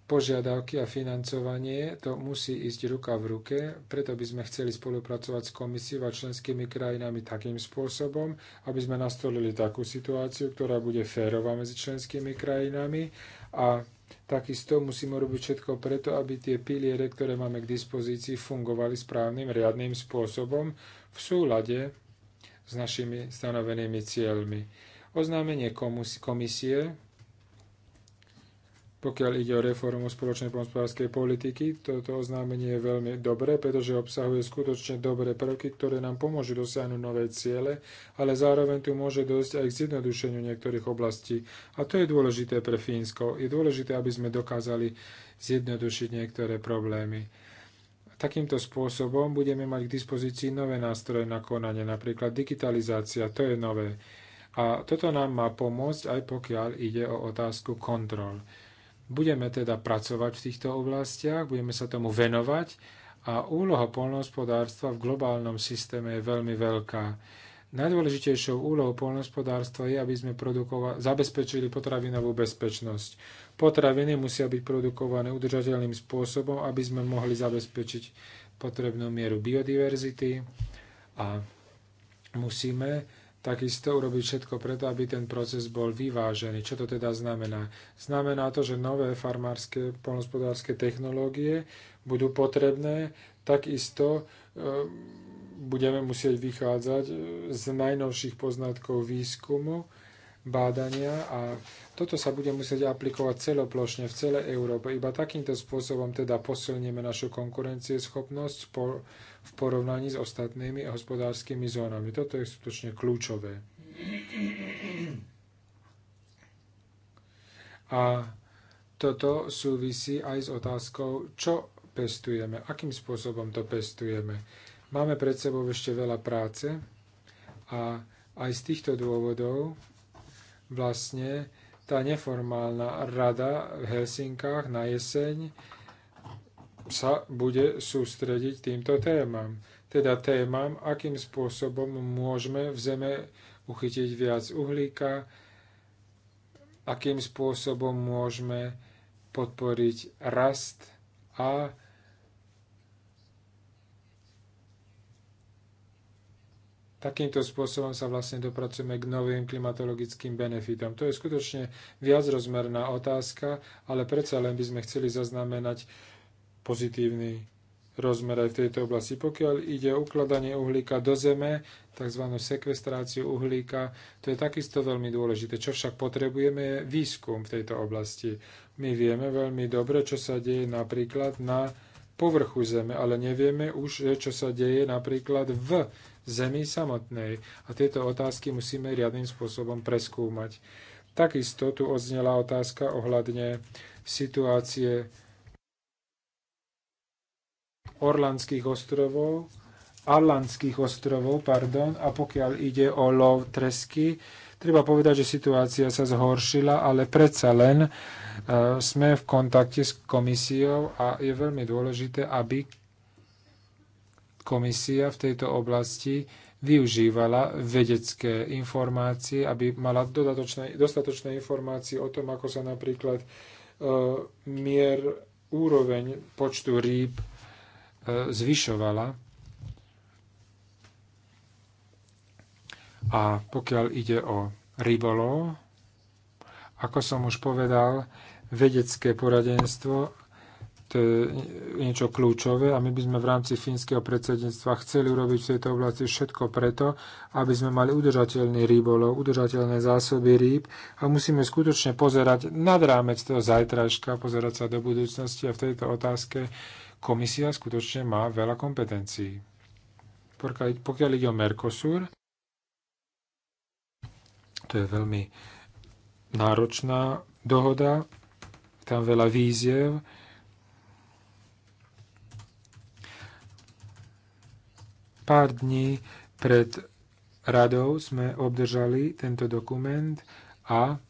požiadavky a financovanie, to musí ísť ruka v ruke, preto by sme chceli spolupracovať s komisiou a členskými krajinami takým spôsobom, aby sme nastolili takú situáciu, ktorá bude férová medzi členskými krajinami a takisto musíme robiť všetko preto, aby tie piliere, ktoré máme k dispozícii, fungovali správnym, riadným spôsobom v súlade s našimi stanovenými cieľmi. Oznámenie komisie. Pokiaľ ide o reformu spoločnej poľnohospodárskej politiky, toto oznámenie je veľmi dobré, pretože obsahuje skutočne dobré prvky, ktoré nám pomôžu dosiahnuť nové ciele, ale zároveň tu môže dosť aj k zjednodušeniu niektorých oblastí. A to je dôležité pre Fínsko. Je dôležité, aby sme dokázali zjednodušiť niektoré problémy. Takýmto spôsobom budeme mať k dispozícii nové nástroje na konanie, napríklad digitalizácia, to je nové. A toto nám má pomôcť aj pokiaľ ide o otázku kontrol. Budeme teda pracovať v týchto oblastiach, budeme sa tomu venovať a úloha polnohospodárstva v globálnom systéme je veľmi veľká. Najdôležitejšou úlohou polnohospodárstva je, aby sme zabezpečili potravinovú bezpečnosť. Potraviny musia byť produkované udržateľným spôsobom, aby sme mohli zabezpečiť potrebnú mieru biodiverzity a musíme takisto urobiť všetko preto, aby ten proces bol vyvážený. Čo to teda znamená? Znamená to, že nové farmárske polnospodárske technológie budú potrebné, takisto e, budeme musieť vychádzať e, z najnovších poznatkov výskumu, bádania a toto sa bude musieť aplikovať celoplošne v celej Európe. Iba takýmto spôsobom teda posilníme našu konkurencieschopnosť v porovnaní s ostatnými hospodárskymi zónami. Toto je skutočne kľúčové. A toto súvisí aj s otázkou, čo pestujeme, akým spôsobom to pestujeme. Máme pred sebou ešte veľa práce a aj z týchto dôvodov vlastne tá neformálna rada v Helsinkách na jeseň sa bude sústrediť týmto témam. Teda témam, akým spôsobom môžeme v zeme uchytiť viac uhlíka, akým spôsobom môžeme podporiť rast a Takýmto spôsobom sa vlastne dopracujeme k novým klimatologickým benefitom. To je skutočne viacrozmerná otázka, ale predsa len by sme chceli zaznamenať pozitívny rozmer aj v tejto oblasti. Pokiaľ ide o ukladanie uhlíka do zeme, tzv. sekvestráciu uhlíka, to je takisto veľmi dôležité. Čo však potrebujeme je výskum v tejto oblasti. My vieme veľmi dobre, čo sa deje napríklad na povrchu Zeme, ale nevieme už, čo sa deje napríklad v zemi samotnej. A tieto otázky musíme riadnym spôsobom preskúmať. Takisto tu odznela otázka ohľadne situácie Orlandských ostrovov, Arlandských ostrovov, pardon, a pokiaľ ide o lov tresky, treba povedať, že situácia sa zhoršila, ale predsa len e, sme v kontakte s komisiou a je veľmi dôležité, aby komisia v tejto oblasti využívala vedecké informácie, aby mala dodatočné, dostatočné informácie o tom, ako sa napríklad e, mier úroveň počtu rýb e, zvyšovala. A pokiaľ ide o rybolov, ako som už povedal, vedecké poradenstvo to je niečo kľúčové a my by sme v rámci fínskeho predsedníctva chceli urobiť v tejto oblasti všetko preto, aby sme mali udržateľný rýbolov, udržateľné zásoby rýb a musíme skutočne pozerať nad rámec toho zajtrajška, pozerať sa do budúcnosti a v tejto otázke komisia skutočne má veľa kompetencií. Pokiaľ ide o Mercosur, to je veľmi náročná dohoda, tam veľa víziev Pár dní pred radou sme obdržali tento dokument a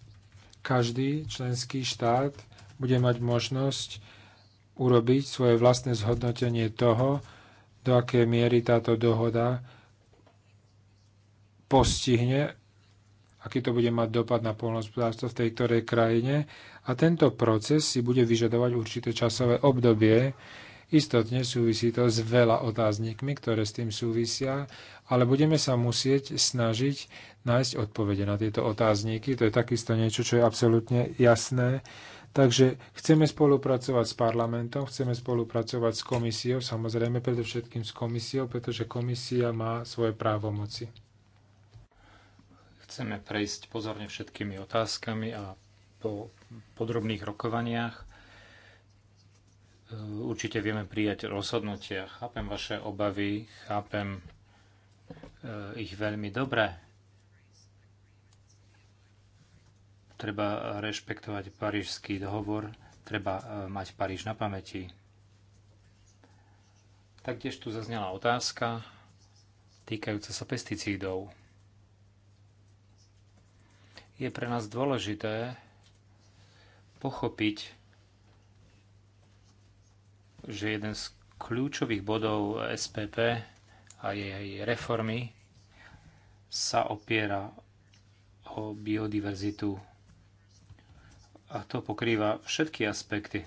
každý členský štát bude mať možnosť urobiť svoje vlastné zhodnotenie toho, do akej miery táto dohoda postihne, aký to bude mať dopad na polnohospodárstvo v tej ktorej krajine. A tento proces si bude vyžadovať určité časové obdobie. Istotne súvisí to s veľa otáznikmi, ktoré s tým súvisia, ale budeme sa musieť snažiť nájsť odpovede na tieto otázniky. To je takisto niečo, čo je absolútne jasné. Takže chceme spolupracovať s parlamentom, chceme spolupracovať s komisiou, samozrejme predovšetkým s komisiou, pretože komisia má svoje právomoci. Chceme prejsť pozorne všetkými otázkami a po podrobných rokovaniach Eh, určite vieme prijať rozhodnutia. Chápem vaše obavy, chápem eh, ich veľmi dobre. Treba rešpektovať parížský dohovor, treba eh, mať Paríž na pamäti. Taktiež tu zaznela otázka týkajúca sa pesticídov. Je pre nás dôležité pochopiť, že jeden z kľúčových bodov SPP a jej reformy sa opiera o biodiverzitu. A to pokrýva všetky aspekty.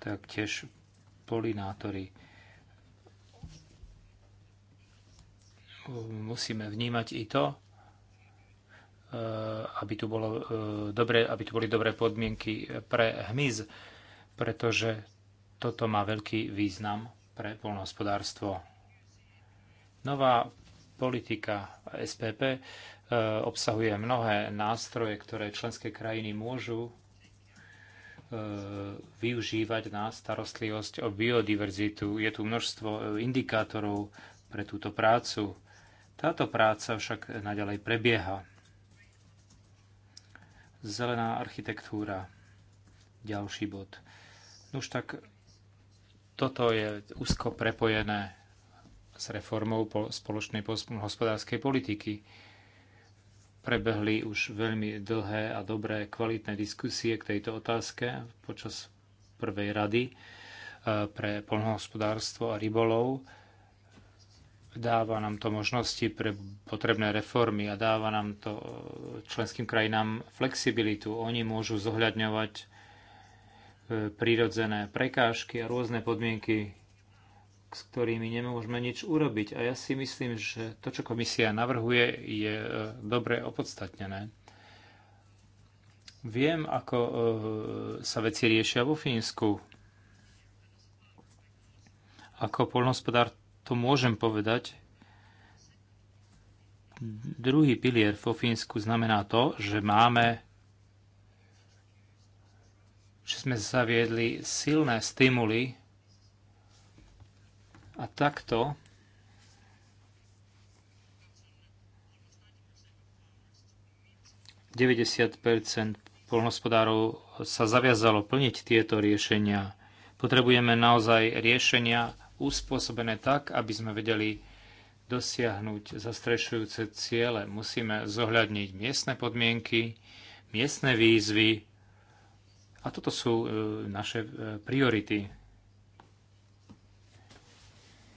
Taktiež polinátory. Musíme vnímať i to, eh, aby tu, bolo, eh, dobre, aby tu boli dobré podmienky pre hmyz, pretože toto má veľký význam pre polnohospodárstvo. Nová politika SPP e, obsahuje mnohé nástroje, ktoré členské krajiny môžu e, využívať na starostlivosť o biodiverzitu. Je tu množstvo e, indikátorov pre túto prácu. Táto práca však naďalej prebieha. Zelená architektúra. Ďalší bod. Už tak toto je úzko prepojené s reformou spoločnej hospodárskej politiky. Prebehli už veľmi dlhé a dobré kvalitné diskusie k tejto otázke počas prvej rady e, pre polnohospodárstvo a rybolov. Dáva nám to možnosti pre potrebné reformy a dáva nám to e, členským krajinám flexibilitu. Oni môžu zohľadňovať E, prírodzené prekážky a rôzne podmienky, s ktorými nemôžeme nič urobiť. A ja si myslím, že to, čo komisia navrhuje, je e, dobre opodstatnené. Viem, ako e, sa veci riešia vo Fínsku. Ako polnospodár to môžem povedať. Druhý pilier vo Fínsku znamená to, že máme že sme zaviedli silné stimuly a takto percent polnospodárov sa zaviazalo plniť tieto riešenia. Potrebujeme naozaj riešenia uspôsobené tak, aby sme vedeli dosiahnuť zastrešujúce ciele. Musíme zohľadniť miestne podmienky, miestne výzvy, a toto sú e, naše e, priority.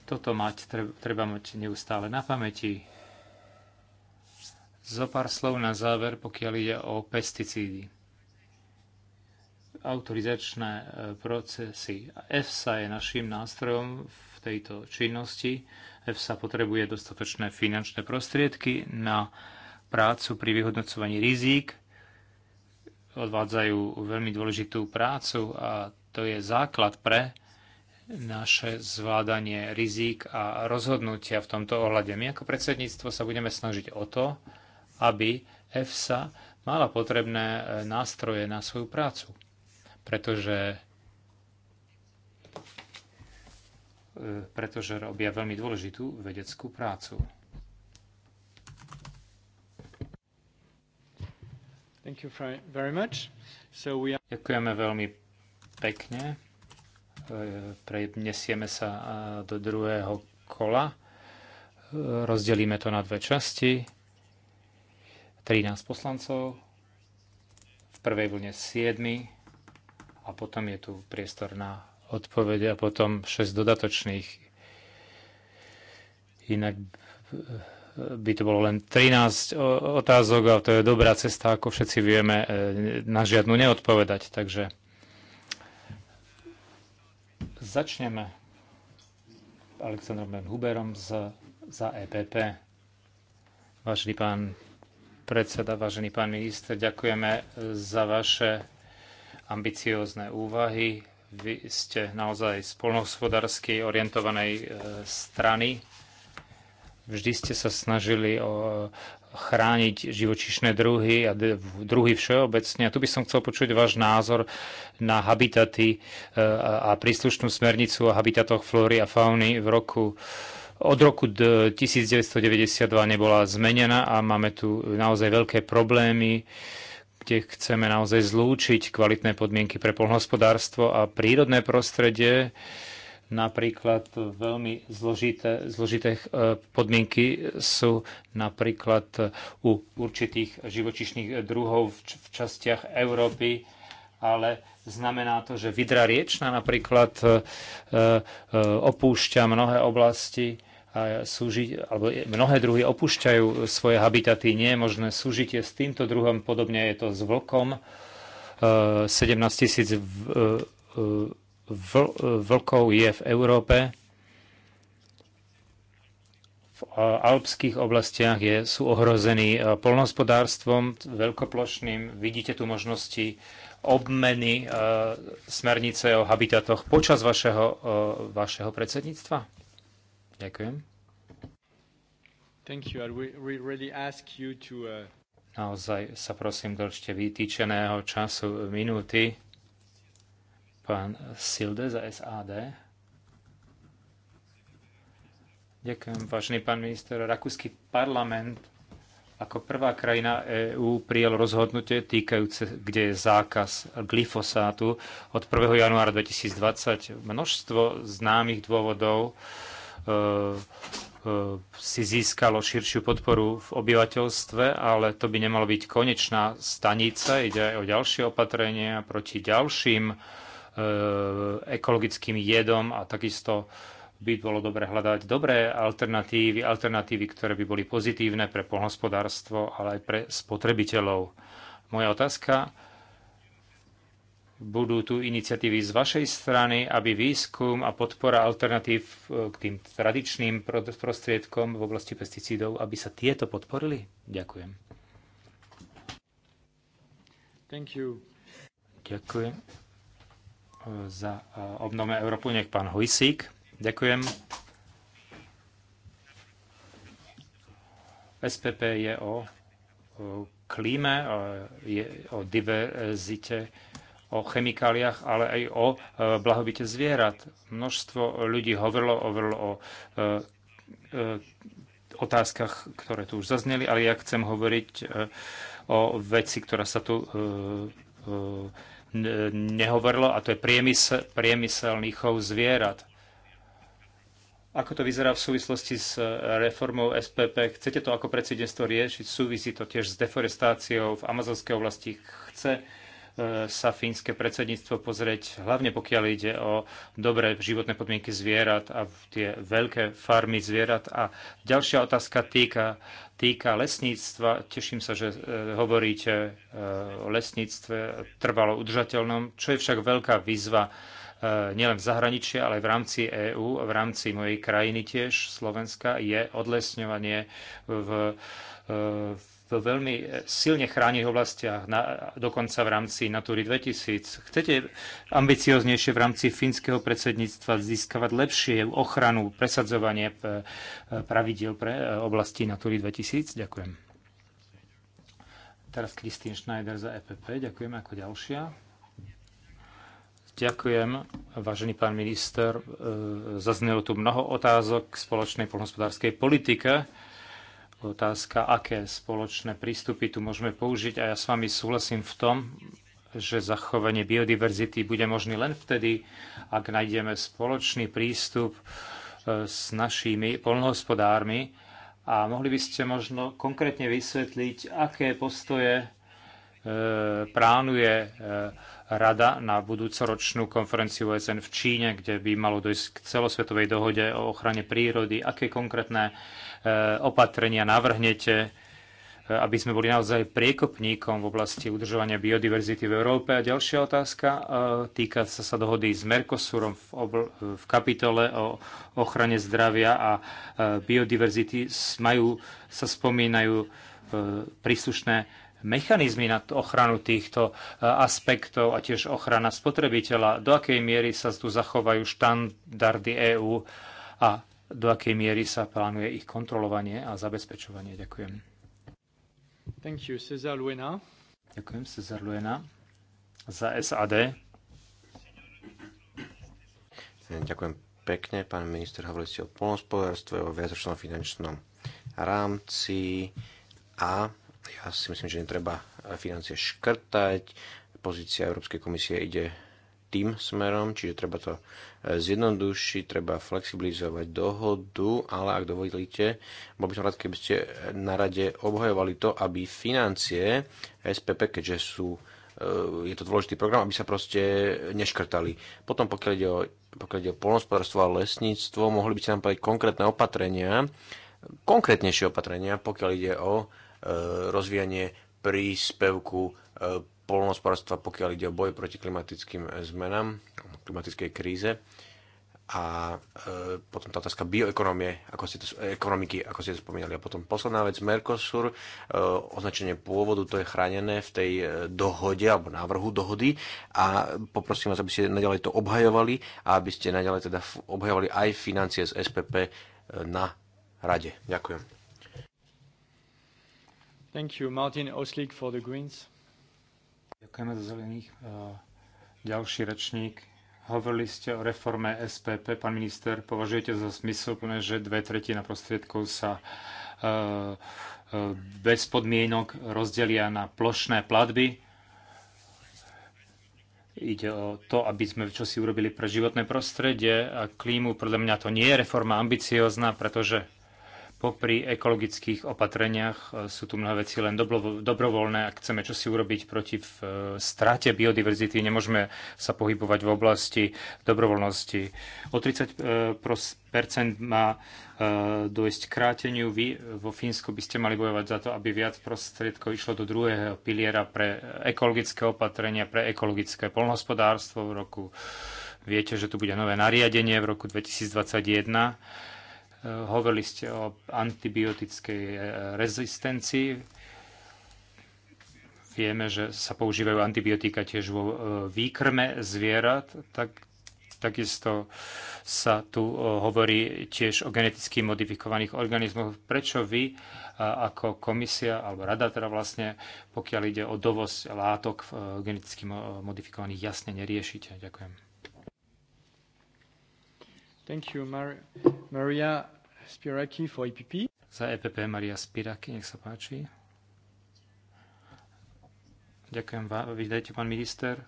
Toto mať, treba mať neustále na pamäti. Zo pár slov na záver, pokiaľ ide o pesticídy. Autorizačné e, procesy. EFSA je našim nástrojom v tejto činnosti. EFSA potrebuje dostatočné finančné prostriedky na prácu pri vyhodnocovaní rizík odvádzajú veľmi dôležitú prácu a to je základ pre naše zvládanie rizík a rozhodnutia v tomto ohľade. My ako predsedníctvo sa budeme snažiť o to, aby EFSA mala potrebné e, nástroje na svoju prácu, pretože e, pretože robia veľmi dôležitú vedeckú prácu. Ďakujeme veľmi pekne. E, prednesieme sa e, do druhého kola. E, rozdelíme to na dve časti. 13 poslancov, v prvej vlne 7 a potom je tu priestor na odpovede a potom 6 dodatočných. Inak by to bolo len 13 otázok a to je dobrá cesta, ako všetci vieme, e, na žiadnu neodpovedať. Takže začneme Aleksandrom Huberom z, za EPP. Vážený pán predseda, vážený pán minister, ďakujeme e, za vaše ambiciózne úvahy. Vy ste naozaj z orientovanej e, strany Vždy ste sa snažili o chrániť živočišné druhy a druhy všeobecne. A tu by som chcel počuť váš názor na habitaty e, a príslušnú smernicu o habitatoch flóry a fauny v roku od roku 1992 nebola zmenená a máme tu naozaj veľké problémy, kde chceme naozaj zlúčiť kvalitné podmienky pre polnohospodárstvo a prírodné prostredie Napríklad veľmi zložité, zložité e, podmienky sú napríklad u určitých živočišných druhov v, častiach Európy, ale znamená to, že vidra riečna napríklad e, e, opúšťa mnohé oblasti a súži, alebo mnohé druhy opúšťajú svoje habitaty, nie je možné súžitie s týmto druhom, podobne je to s vlkom. 17 tisíc vl- vlkov je v Európe. V alpských oblastiach je, sú ohrození e, polnohospodárstvom veľkoplošným. Vidíte tu možnosti obmeny e, smernice o habitatoch počas vašeho, e, vašeho predsedníctva? Ďakujem. Thank you. I re- really ask you to, uh... Naozaj sa prosím držte vytýčeného času minúty. Pán Silde za SAD. Ďakujem, vážený pán minister. Rakúsky parlament ako prvá krajina EÚ prijal rozhodnutie týkajúce, kde je zákaz glyfosátu od 1. januára 2020. Množstvo známych dôvodov e, e, si získalo širšiu podporu v obyvateľstve, ale to by nemalo byť konečná stanica. Ide aj o ďalšie opatrenia proti ďalším E, ekologickým jedom a takisto by bolo dobre hľadať dobré alternatívy, alternatívy, ktoré by boli pozitívne pre polnospodárstvo, ale aj pre spotrebiteľov. Moja otázka, budú tu iniciatívy z vašej strany, aby výskum a podpora alternatív e, k tým tradičným prostriedkom v oblasti pesticídov, aby sa tieto podporili? Ďakujem. Thank you. Ďakujem za eh, obnome Európu. Nech pán Hojsík. Ďakujem. SPP je o klíme, je o diverzite, o chemikáliách, ale aj o eh, blahobite zvierat. Množstvo ľudí hovorilo, hovorilo o eh, otázkach, ktoré tu už zazneli, ale ja chcem hovoriť o veci, ktorá sa tu nehovorilo, a to je priemysel, priemyselný chov zvierat. Ako to vyzerá v súvislosti s eh, reformou SPP? Chcete to ako predsedenstvo riešiť? Súvisí to tiež s deforestáciou v amazonskej oblasti. Chce sa fínske predsedníctvo pozrieť, hlavne pokiaľ ide o dobré životné podmienky zvierat a tie veľké farmy zvierat. A ďalšia otázka týka, týka lesníctva. Teším sa, že e, hovoríte e, o lesníctve trvalo udržateľnom, čo je však veľká výzva e, nielen v zahraničí, ale aj v rámci EÚ, v rámci mojej krajiny tiež, Slovenska, je odlesňovanie v, v veľmi e, silne chránených oblastiach, na, dokonca v rámci Natúry 2000. Chcete ambicioznejšie v rámci fínskeho predsedníctva získavať lepšie ochranu, presadzovanie e, e, pravidel pre oblasti Natúry 2000? Ďakujem. Teraz Kristín Schneider za EPP. Ďakujem ako ďalšia. Ďakujem, vážený pán minister. Zaznelo tu mnoho otázok k spoločnej poľnohospodárskej politike Otázka, aké spoločné prístupy tu môžeme použiť a ja s vami súhlasím v tom, že zachovanie biodiverzity bude možné len vtedy, ak nájdeme spoločný prístup e, s našimi polnohospodármi. A mohli by ste možno konkrétne vysvetliť, aké postoje E, plánuje e, rada na budúcoročnú konferenciu OSN v Číne, kde by malo dojsť k celosvetovej dohode o ochrane prírody. Aké konkrétne e, opatrenia navrhnete, aby sme boli naozaj priekopníkom v oblasti udržovania biodiverzity v Európe? A ďalšia otázka týka sa, sa dohody s Mercosurom v, obl- v kapitole o ochrane zdravia a biodiverzity. Majú, sa spomínajú príslušné mechanizmy na ochranu týchto e, aspektov a tiež ochrana spotrebiteľa, do akej miery sa tu zachovajú štandardy EÚ a do akej miery sa plánuje ich kontrolovanie a zabezpečovanie. Ďakujem. Thank you, Cesar Luena. Ďakujem, Cezar Luena za SAD. Ďakujem pekne, pán minister. Hovorili ste o polnospodárstve, o viacročnom finančnom rámci a ja si myslím, že netreba eh, financie škrtať. Pozícia Európskej komisie ide tým smerom, čiže treba to eh, zjednodušiť, treba flexibilizovať dohodu, ale ak dovolíte, bol by som rád, keby ste eh, na rade obhajovali to, aby financie SPP, keďže sú, je to dôležitý program, aby sa proste neškrtali. Potom, pokiaľ ide o, pokiaľ ide o polnospodárstvo a lesníctvo, mohli by ste nám povedať konkrétne opatrenia, konkrétnejšie opatrenia, pokiaľ ide o rozvíjanie príspevku e, polnospodárstva, pokiaľ ide o boj proti klimatickým zmenám, klimatickej kríze a e, potom tá otázka bioekonomie, ako ste to, ekonomiky, ako ste to spomínali. A potom posledná vec, Mercosur, e, označenie pôvodu, to je chránené v tej dohode alebo návrhu dohody a poprosím vás, aby ste naďalej to obhajovali a aby ste naďalej teda obhajovali aj financie z SPP na rade. Ďakujem. Thank you, Martin for the Greens. Ďakujeme za zelených. E, ďalší rečník. Hovorili ste o reforme SPP, pán minister. Považujete za zmysluplné, že dve tretina prostriedkov sa e, e, bez podmienok rozdelia na plošné platby? Ide o to, aby sme čo si urobili pre životné prostredie a klímu. Podľa mňa to nie je reforma ambiciozná, pretože popri ekologických opatreniach e, sú tu mnohé veci len dobrovoľné. Ak chceme čo si urobiť proti e, strate biodiverzity, nemôžeme sa pohybovať v oblasti dobrovoľnosti. O 30 e, má dojsť k kráteniu. Vy vo Fínsku by ste mali bojovať za to, aby viac prostriedkov išlo do druhého piliera pre ekologické opatrenia, pre ekologické polnohospodárstvo v roku. Viete, že tu bude nové nariadenie v roku 2021 Hovorili ste o antibiotickej e, rezistencii. Vieme, že sa používajú antibiotika tiež vo e, výkrme zvierat, tak, takisto sa tu e, hovorí tiež o geneticky modifikovaných organizmoch. Prečo vy ako komisia, alebo rada teda vlastne, pokiaľ ide o dovoz látok geneticky modifikovaných, jasne neriešite? Ďakujem. Thank you, Mar- Maria Spiraki for EPP. Za EPP Maria Spiraki, nech sa páči. Ďakujem vám. vydajte pán minister.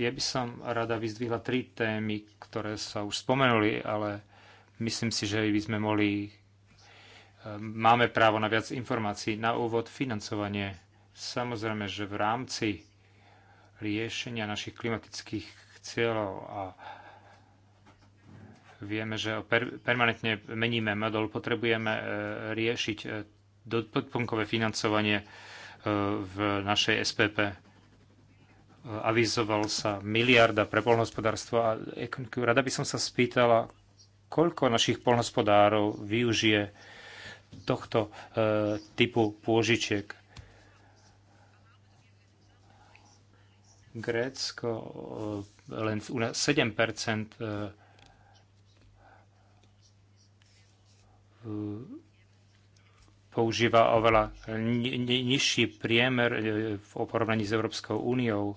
Ja by som rada vyzdvihla tri témy, ktoré sa už spomenuli, ale myslím si, že by sme mohli... Eh, máme právo na viac informácií. Na úvod financovanie. Samozrejme, že v rámci riešenia našich klimatických cieľov a Vieme, že per, permanentne meníme model, potrebujeme e, riešiť e, podpunkové financovanie e, v našej SPP. Avizoval sa miliarda pre polnohospodárstvo a rada by som sa spýtala, koľko našich polnohospodárov využije tohto typu pôžičiek. Grécko len 7 používa oveľa nižší priemer e, v porovnaní s Európskou úniou.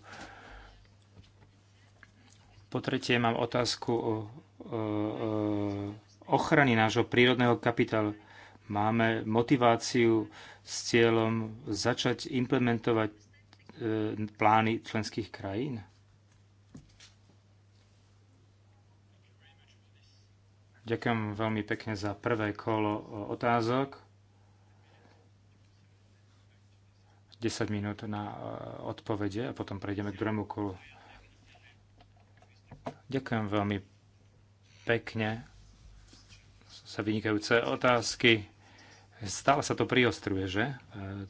Po tretie mám otázku o, ochrany nášho prírodného kapitálu. Máme motiváciu s cieľom začať implementovať e, plány členských krajín? Ďakujem veľmi pekne za prvé kolo otázok. 10 minút na e, odpovede a potom prejdeme k druhému kolu. Ďakujem veľmi pekne sa vynikajúce otázky. Stále sa to priostruje, že? E,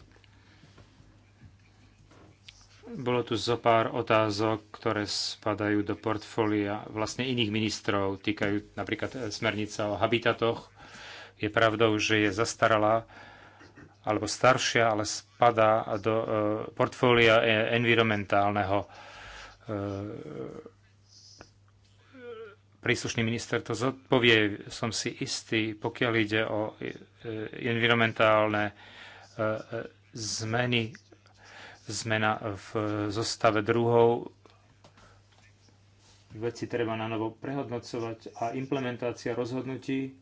bolo tu zo pár otázok, ktoré spadajú do portfólia vlastne iných ministrov, týkajú napríklad smernica o habitatoch. Je pravdou, že je zastaralá, alebo staršia, ale spadá do e, portfólia e, environmentálneho. E, príslušný minister to zodpovie, som si istý, pokiaľ ide o environmentálne zmeny, zmena v zostave druhov. Veci treba na novo prehodnocovať a implementácia rozhodnutí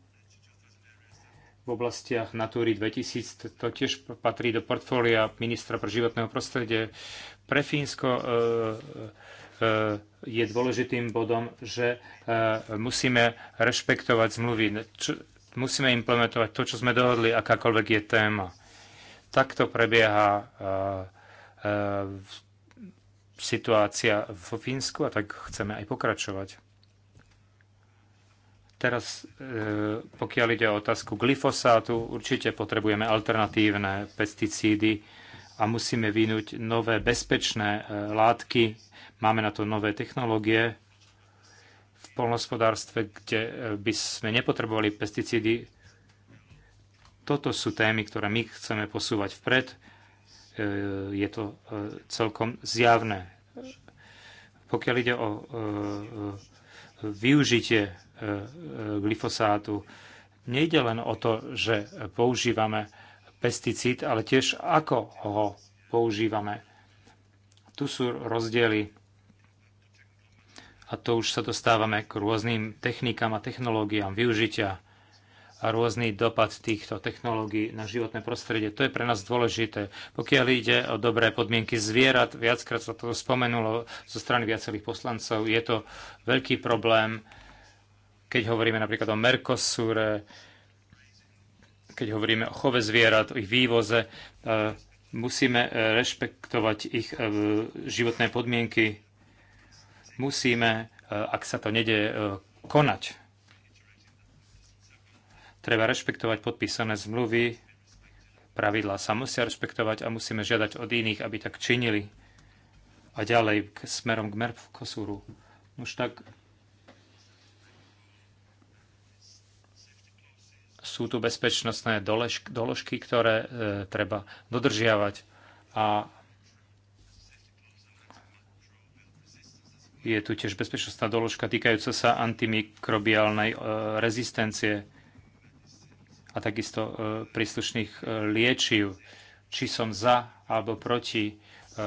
v oblastiach Natúry 2000. To tiež patrí do portfólia ministra pre životného prostredie. Pre Fínsko e, e, e, je dôležitým bodom, že e, musíme rešpektovať zmluvy. musíme implementovať to, čo sme dohodli, akákoľvek je téma. Takto prebieha e, e, situácia v Fínsku a tak chceme aj pokračovať. Teraz, e, pokiaľ ide o otázku glyfosátu, určite potrebujeme alternatívne pesticídy a musíme vynúť nové bezpečné e, látky. Máme na to nové technológie v polnospodárstve, kde e, by sme nepotrebovali pesticídy. Toto sú témy, ktoré my chceme posúvať vpred. Je to celkom zjavné. Pokiaľ ide o využitie E, e, glyfosátu. Nejde len o to, že používame pesticíd, ale tiež ako ho používame. Tu sú rozdiely. A to už sa dostávame k rôznym technikám a technológiám využitia a rôzny dopad týchto technológií na životné prostredie. To je pre nás dôležité. Pokiaľ ide o dobré podmienky zvierat, viackrát sa to spomenulo zo strany viacerých poslancov, je to veľký problém keď hovoríme napríklad o Mercosure, keď hovoríme o chove zvierat, o ich vývoze, e, musíme e, rešpektovať ich e, životné podmienky. Musíme, ak sa to nedie, konať. Treba rešpektovať podpísané zmluvy, pravidlá sa musia rešpektovať a musíme žiadať od iných, aby tak činili. A ďalej k smerom k Mercosuru. Už tak sú tu bezpečnostné doložky, ktoré e, treba dodržiavať. A je tu tiež bezpečnostná doložka týkajúca sa antimikrobiálnej e, rezistencie a takisto e, príslušných e, liečiv, či som za alebo proti e, e,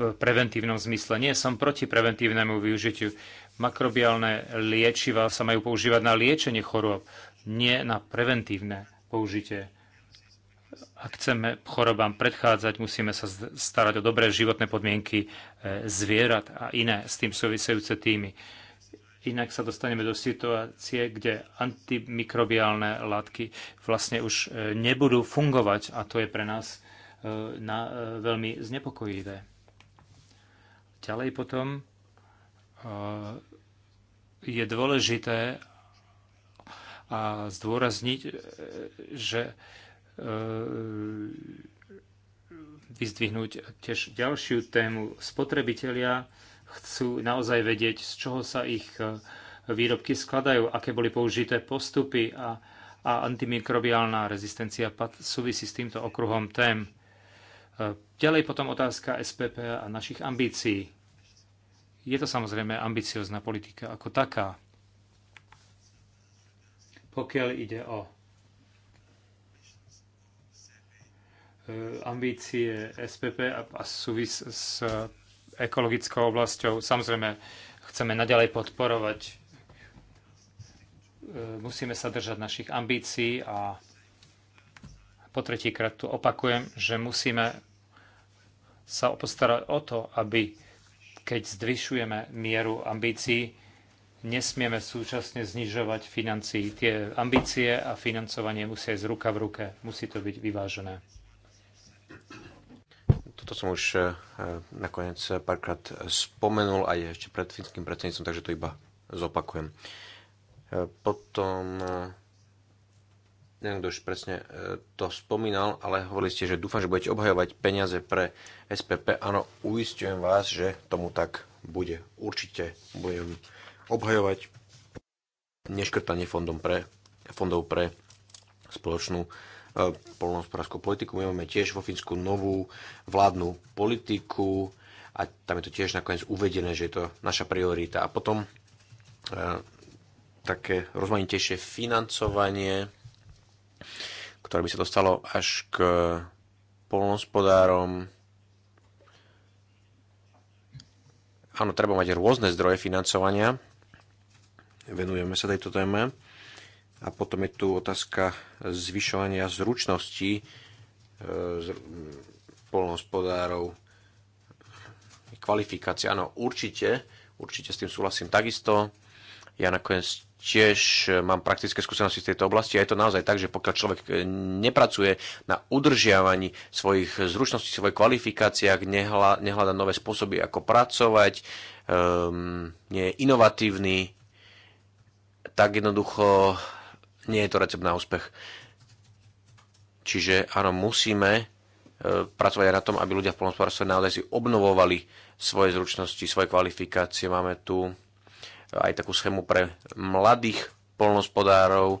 v preventívnom zmysle. Nie som proti preventívnemu využitiu. Makrobiálne liečiva sa majú používať na liečenie chorôb nie na preventívne použitie. Ak chceme chorobám predchádzať, musíme sa starať o dobré životné podmienky e, zvierat a iné s tým súvisejúce týmy. Inak sa dostaneme do situácie, kde antimikrobiálne látky vlastne už e, nebudú fungovať a to je pre nás e, na, veľmi znepokojivé. Ďalej potom je dôležité, a zdôrazniť, e, že e, vyzdvihnúť tiež ďalšiu tému. Spotrebitelia chcú naozaj vedieť, z čoho sa ich e, výrobky skladajú, aké boli použité postupy a, a antimikrobiálna rezistencia súvisí s týmto okruhom tém. Ďalej potom otázka SPP a našich ambícií. Je to samozrejme ambiciozná politika ako taká. Pokiaľ ide o e, ambície SPP a súvis s ekologickou oblasťou, samozrejme chceme naďalej podporovať. E, musíme sa držať našich ambícií a po tretíkrát tu opakujem, že musíme sa postarať o to, aby keď zvyšujeme mieru ambícií, Nesmieme súčasne znižovať financie Tie ambície a financovanie musia ísť ruka v ruke. Musí to byť vyvážené. Toto som už eh, nakoniec párkrát spomenul aj ešte pred finským predsedníctvom, takže to iba zopakujem. Eh, potom eh, neviem, kto už presne to spomínal, ale hovorili ste, že dúfam, že budete obhajovať peniaze pre SPP. Áno, uistujem vás, že tomu tak bude. Určite budem obhajovať neškrtanie fondom pre, fondov pre spoločnú e, polnohospodárskú politiku. My máme tiež vo Fínsku novú vládnu politiku a tam je to tiež nakoniec uvedené, že je to naša priorita. A potom e, také rozmanitejšie financovanie, ktoré by sa dostalo až k polnohospodárom. Áno, treba mať rôzne zdroje financovania, venujeme sa tejto téme. A potom je tu otázka zvyšovania zručností e, polnohospodárov. Kvalifikácia, áno, určite, určite s tým súhlasím takisto. Ja nakoniec tiež e, mám praktické skúsenosti z tejto oblasti a je to naozaj tak, že pokiaľ človek e, nepracuje na udržiavaní svojich zručností, svojich kvalifikáciách, ak nehľada nové spôsoby, ako pracovať, um, nie je inovatívny, tak jednoducho nie je to recept na úspech. Čiže áno, musíme e, pracovať aj na tom, aby ľudia v polnospodárstve naozaj si obnovovali svoje zručnosti, svoje kvalifikácie. Máme tu e, aj takú schému pre mladých polnospodárov e,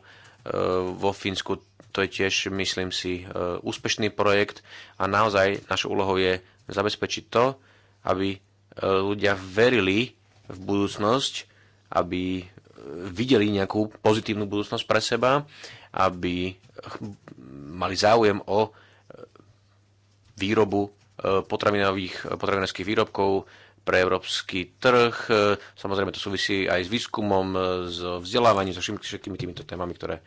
vo Fínsku. To je tiež, myslím si, úspešný projekt a naozaj našou úlohou je zabezpečiť to, aby ľudia verili v budúcnosť, aby videli nejakú pozitívnu budúcnosť pre seba, aby mali záujem o e, výrobu e, potravinových, e, potravinárskych výrobkov pre európsky trh. Samozrejme to súvisí aj s výskumom, s vzdelávaním, so všetkými týmito témami, ktoré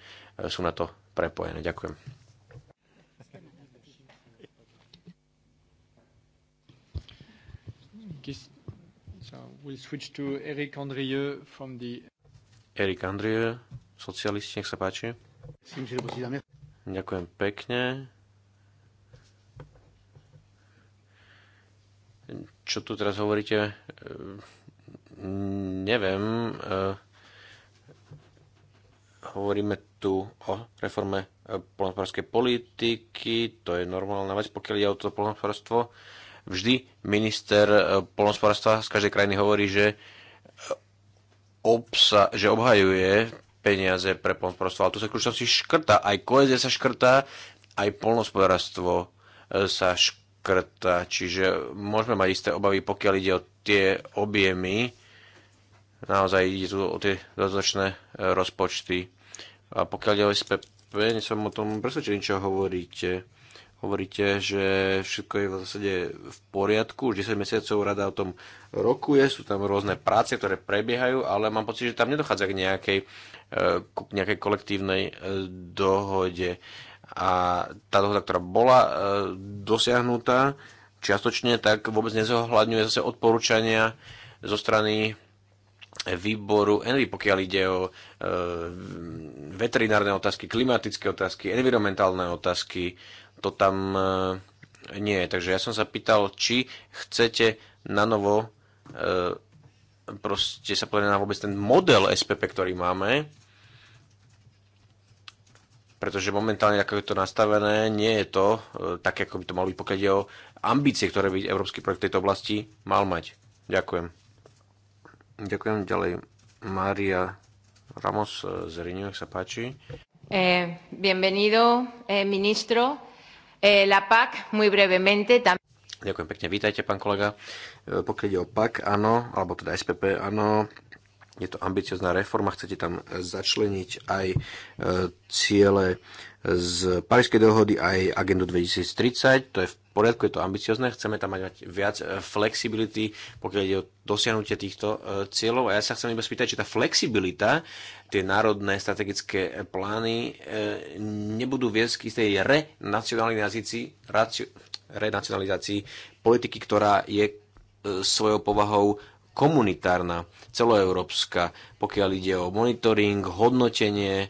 sú na to prepojené. Ďakujem. So we'll switch to Eric Andrieux from the Erik Andrie, socialisti, nech sa páči. Ďakujem pekne. Čo tu teraz hovoríte, e, neviem. E, hovoríme tu o reforme e, polnohospodárskej politiky, to je normálna vec, pokiaľ ide o to polnohospodárstvo. Vždy minister polnohospodárstva z každej krajiny hovorí, že obsa, že obhajuje peniaze pre polnospodárstvo, ale tu sa kľúčnosti škrta. Aj kohezie sa škrtá, aj polnospodárstvo e, sa škrtá. Čiže môžeme mať isté obavy, pokiaľ ide o tie objemy. Naozaj ide tu o tie dodatočné e, rozpočty. A pokiaľ ide o SPP, nie som o tom presvedčený, čo hovoríte Hovoríte, že všetko je v zásade v poriadku, už 10 mesiacov rada o tom rokuje, sú tam rôzne práce, ktoré prebiehajú, ale mám pocit, že tam nedochádza k nejakej, eh, k nejakej kolektívnej eh, dohode. A tá dohoda, ktorá bola eh, dosiahnutá čiastočne, tak vôbec nezohľadňuje zase odporúčania zo strany výboru Envy, pokiaľ ide o e, veterinárne otázky, klimatické otázky, environmentálne otázky, to tam e, nie je. Takže ja som sa pýtal, či chcete na novo e, proste sa povedať na vôbec ten model SPP, ktorý máme, pretože momentálne, ako je to nastavené, nie je to e, tak, ako by to malo byť, pokiaľ o ambície, ktoré by európsky projekt v tejto oblasti mal mať. Ďakujem. Ďakujem ďalej. Maria Ramos z Riňu, ak sa páči. Eh, bienvenido, eh, ministro. Eh, la PAC, muy brevemente, tam... Ďakujem pekne, vítajte, pán kolega. Eh, pokiaľ ide o PAC, áno, alebo teda SPP, áno, je to ambiciozná reforma, chcete tam začleniť aj e, ciele z Parískej dohody aj agendu 2030, to je v poriadku, je to ambiciozne, chceme tam mať viac e, flexibility, pokiaľ ide o dosiahnutie týchto e, cieľov. A ja sa chcem iba spýtať, či tá flexibilita, tie národné strategické plány nebudú viesť k istej renacionalizácii, renacionalizácii politiky, ktorá je svojou povahou komunitárna, celoeurópska, pokiaľ ide o monitoring, hodnotenie e,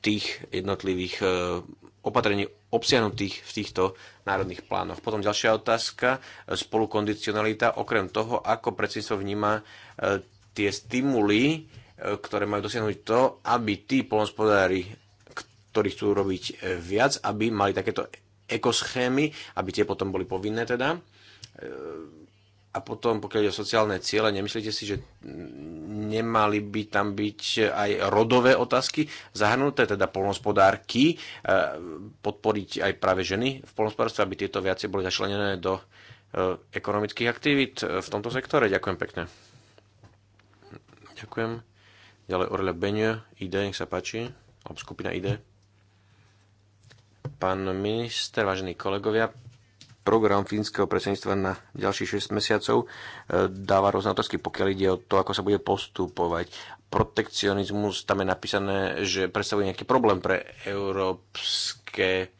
tých jednotlivých e, opatrení obsiahnutých v týchto národných plánoch. Potom ďalšia otázka, e, spolukondicionalita, okrem toho, ako predsedníctvo vníma tie stimuly, ktoré majú dosiahnuť to, aby tí polnospodári, ktorí chcú robiť viac, aby mali takéto ekoschémy, aby tie potom boli povinné teda a potom, pokiaľ ide o sociálne ciele, nemyslíte si, že nemali by tam byť aj rodové otázky zahrnuté, teda polnospodárky, e, podporiť aj práve ženy v polnospodárstve, aby tieto viacej boli začlenené do e, ekonomických aktivít v tomto sektore? Ďakujem pekne. Ďakujem. Ďalej Orle Benio, ID, nech sa páči, skupina ID. Pán minister, vážení kolegovia, program fínskeho predsedníctva na ďalších 6 mesiacov e, dáva rôzne otázky, pokiaľ ide o to, ako sa bude postupovať. Protekcionizmus, tam je napísané, že predstavuje nejaký problém pre európske,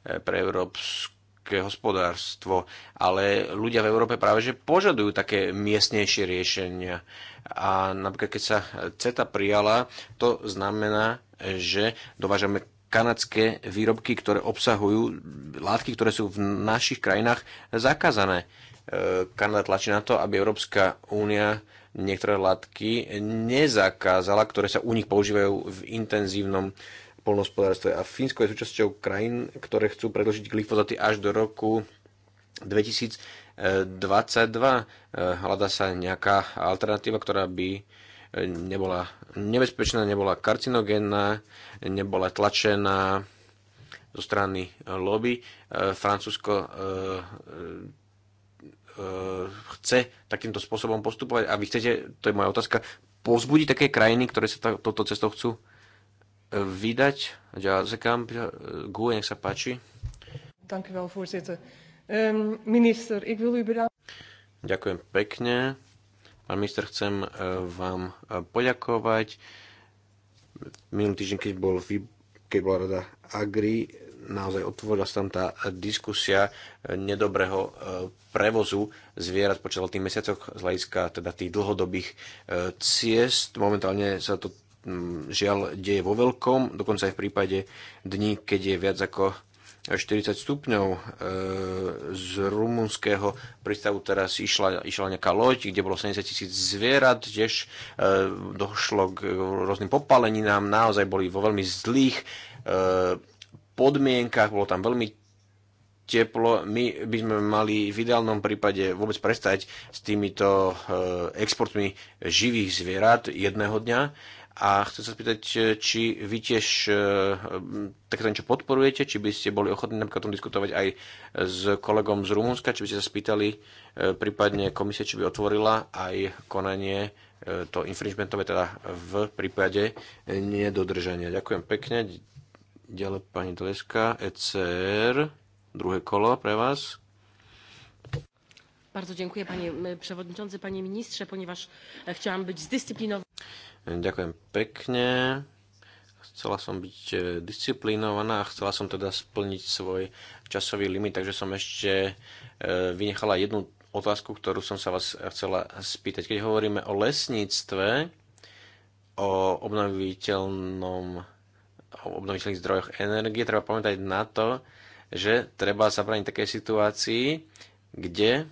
e, pre európske hospodárstvo, ale ľudia v Európe práve že požadujú také miestnejšie riešenia. A napríklad, keď sa CETA prijala, to znamená, že dovážame kanadské výrobky, ktoré obsahujú látky, ktoré sú v našich krajinách zakázané. E, Kanada tlačí na to, aby Európska únia niektoré látky nezakázala, ktoré sa u nich používajú v intenzívnom polnospodárstve. A Fínsko je súčasťou krajín, ktoré chcú predložiť glyfozaty až do roku 2022. E, Hľada sa nejaká alternatíva, ktorá by nebola nebezpečná, nebola karcinogénna, nebola tlačená zo strany lobby. E, Francúzsko e, e, chce takýmto spôsobom postupovať a vy chcete, to je moja otázka, pozbudiť také krajiny, ktoré sa touto cestou chcú vydať. Ďakujem, Gue, nech sa páči. Ehm, Ďakujem pekne. Pán minister, chcem e, vám e, poďakovať. Minulý týždeň, keď, bol, keď bola rada Agri, naozaj otvorila sa tam tá diskusia e, nedobrého prevozu zvierat počas tých mesiacoch z hľadiska teda tých dlhodobých ciest. Momentálne sa to žiaľ deje vo veľkom, dokonca aj v prípade dní, keď je viac ako 40 stupňov e, z rumunského prístavu teraz išla, išla nejaká loď, kde bolo 70 tisíc zvierat, tiež e, došlo k rôznym popaleninám, naozaj boli vo veľmi zlých e, podmienkach, bolo tam veľmi teplo. My by sme mali v ideálnom prípade vôbec prestať s týmito exportmi živých zvierat jedného dňa a chcem sa spýtať, e, či vy tiež e, takéto niečo podporujete, či by ste boli ochotní napríklad o tom diskutovať aj s kolegom z Rumunska, či by ste sa spýtali e, prípadne komisie, či by otvorila aj konanie to infringementové, teda v prípade nedodržania. Ďakujem pekne. Ďalej pani Tleska, ECR, druhé kolo pre vás. Bardzo dziękuję panie przewodniczący, panie ministrze, ponieważ chciałam być zdyscyplinowana. Ďakujem pekne. Chcela som byť e, disciplinovaná a chcela som teda splniť svoj časový limit, takže som ešte e, vynechala jednu otázku, ktorú som sa vás chcela spýtať. Keď hovoríme o lesníctve, o obnoviteľnom o obnoviteľných zdrojoch energie, treba pamätať na to, že treba zabrániť také situácii, kde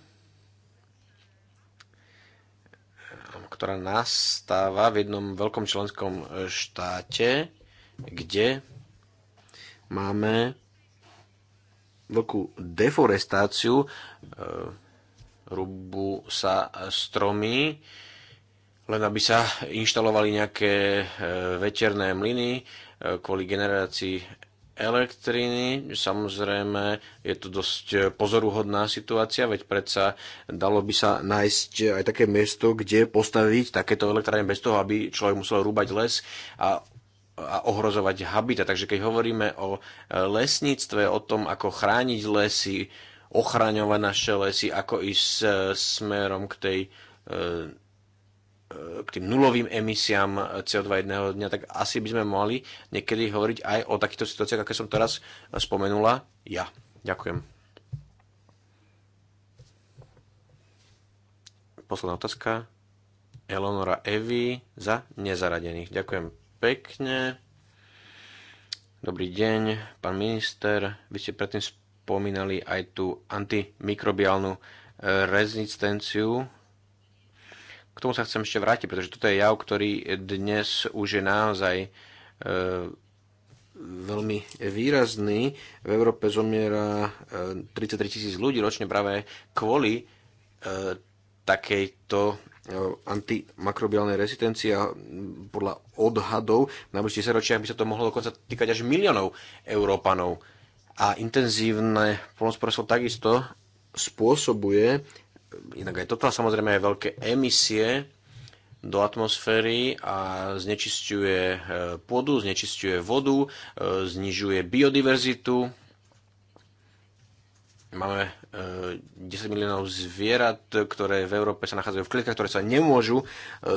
ktorá nastáva v jednom veľkom členskom e, štáte, kde máme veľkú deforestáciu, e, rubu sa stromy, len aby sa inštalovali nejaké e, veterné mlyny kvôli generácii elektriny. Samozrejme, je to dosť e, pozoruhodná situácia, veď predsa dalo by sa nájsť e, aj také miesto, kde postaviť takéto elektrárne bez toho, aby človek musel rúbať les a a ohrozovať habita. Takže keď hovoríme o e, lesníctve, o tom, ako chrániť lesy, ochraňovať naše lesy, ako ísť smerom k tej k tým nulovým emisiám CO2 jedného dňa, tak asi by sme mohli niekedy hovoriť aj o takýchto situáciách, aké som teraz spomenula ja. Ďakujem. Posledná otázka. Eleonora Evi za nezaradených. Ďakujem pekne. Dobrý deň, pán minister. Vy ste predtým spomínali aj tú antimikrobiálnu eh, rezistenciu k tomu sa chcem ešte vrátiť, pretože toto je jav, ktorý dnes už je naozaj e, veľmi výrazný. V Európe zomiera 33 e, tisíc ľudí ročne práve kvôli e, takejto e, antimakrobiálnej rezistencie a podľa odhadov v najbližších desaťročiach by sa to mohlo dokonca týkať až miliónov Európanov. A intenzívne polnospodárstvo takisto spôsobuje Inak aj toto a samozrejme aj veľké emisie do atmosféry a znečisťuje e, pôdu, znečisťuje vodu, e, znižuje biodiverzitu. Máme 10 e, miliónov zvierat, ktoré v Európe sa nachádzajú v klietkach, ktoré sa nemôžu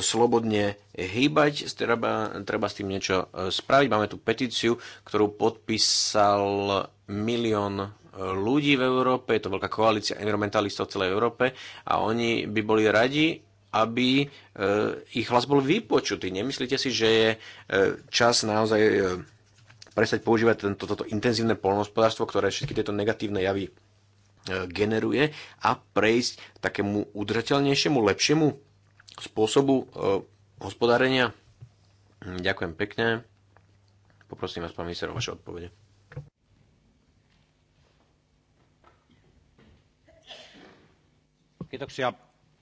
slobodne hýbať. Treba, treba s tým niečo spraviť. Máme tu petíciu, ktorú podpísal milión ľudí v Európe, je to veľká koalícia environmentalistov v celej Európe a oni by boli radi, aby eh, ich hlas bol vypočutý. Nemyslíte si, že je eh, čas naozaj eh, prestať používať tento, toto intenzívne polnohospodárstvo, ktoré všetky tieto negatívne javy generuje a prejsť takému udržateľnejšiemu, lepšiemu spôsobu hospodárenia? Hm, ďakujem pekne. Poprosím vás, pán minister, o vaše odpovede. Kiitoksia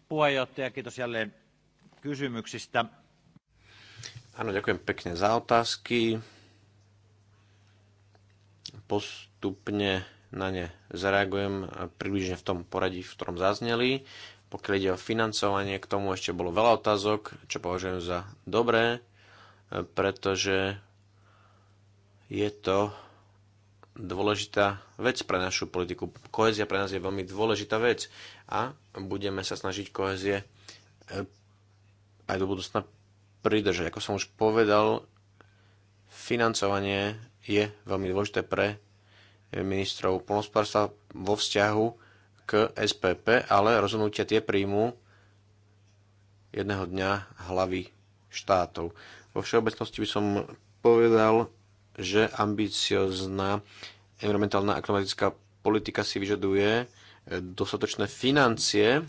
puheenjohtaja, kiitos jälleen kysymyksistä. Áno, ďakujem pekne za otázky. Postupne na ne zareagujem približne v tom poradí, v ktorom zazneli. Pokiaľ ide o financovanie, k tomu ešte bolo veľa otázok, čo považujem za dobré, pretože je to dôležitá vec pre našu politiku. Kohezia pre nás je veľmi dôležitá vec a budeme sa snažiť kohezie e, aj do budúcna pridržať. Ako som už povedal, financovanie je veľmi dôležité pre ministrov polnospodárstva vo vzťahu k SPP, ale rozhodnutia tie príjmu jedného dňa hlavy štátov. Vo všeobecnosti by som povedal, že ambiciozná environmentálna a klimatická politika si vyžaduje eh, dostatočné financie,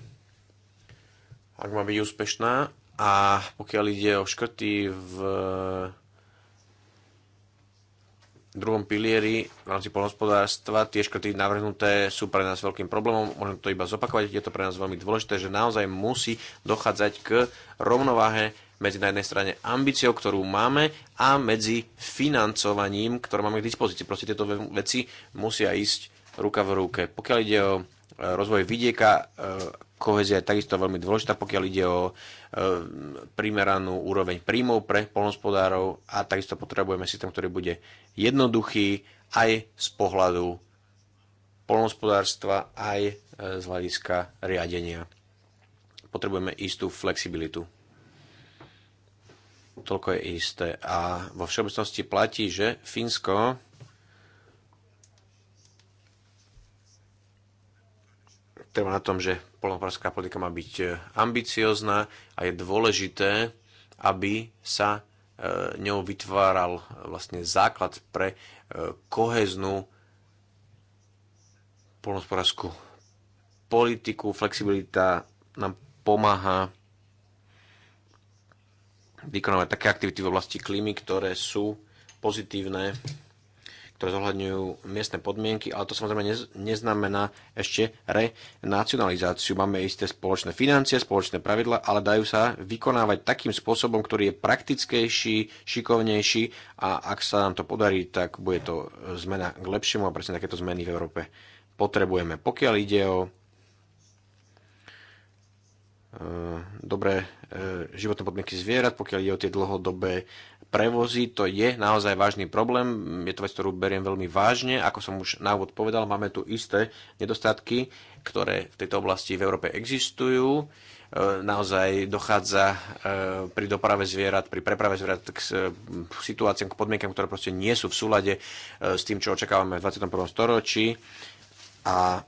ak má byť úspešná. A pokiaľ ide o škrty v eh, druhom pilieri v rámci polnospodárstva. Tie škrty navrhnuté sú pre nás veľkým problémom. Môžem to iba zopakovať, je to pre nás veľmi dôležité, že naozaj musí dochádzať k rovnováhe medzi na jednej strane ambíciou, ktorú máme a medzi financovaním, ktoré máme k dispozícii. Proste tieto veci musia ísť ruka v ruke. Pokiaľ ide o e, rozvoj vidieka, e, kohezia je takisto veľmi dôležitá, pokiaľ ide o e, primeranú úroveň príjmov pre polnospodárov a takisto potrebujeme systém, ktorý bude jednoduchý aj z pohľadu polnospodárstva, aj z hľadiska riadenia. Potrebujeme istú flexibilitu toľko je isté. A vo všeobecnosti platí, že Fínsko trvá na tom, že polnohospodárska politika má byť e, ambiciozná a je dôležité, aby sa e, ňou vytváral e, vlastne základ pre koheznú polnohospodárskú politiku. Flexibilita nám pomáha vykonávať také aktivity v oblasti klímy, ktoré sú pozitívne, ktoré zohľadňujú miestne podmienky, ale to samozrejme neznamená ešte renacionalizáciu. Máme isté spoločné financie, spoločné pravidla, ale dajú sa vykonávať takým spôsobom, ktorý je praktickejší, šikovnejší a ak sa nám to podarí, tak bude to zmena k lepšiemu a presne takéto zmeny v Európe potrebujeme. Pokiaľ ide o Eh, dobré eh, životné podmienky zvierat, pokiaľ ide o tie dlhodobé prevozy, to je naozaj vážny problém, je to vec, ktorú beriem veľmi vážne, ako som už na úvod povedal, máme tu isté nedostatky, ktoré v tejto oblasti v Európe existujú, eh, naozaj dochádza pri doprave zvierat, pri preprave zvierat k situáciám, k podmienkam, ktoré proste nie sú v súlade s tým, čo očakávame v 21. storočí a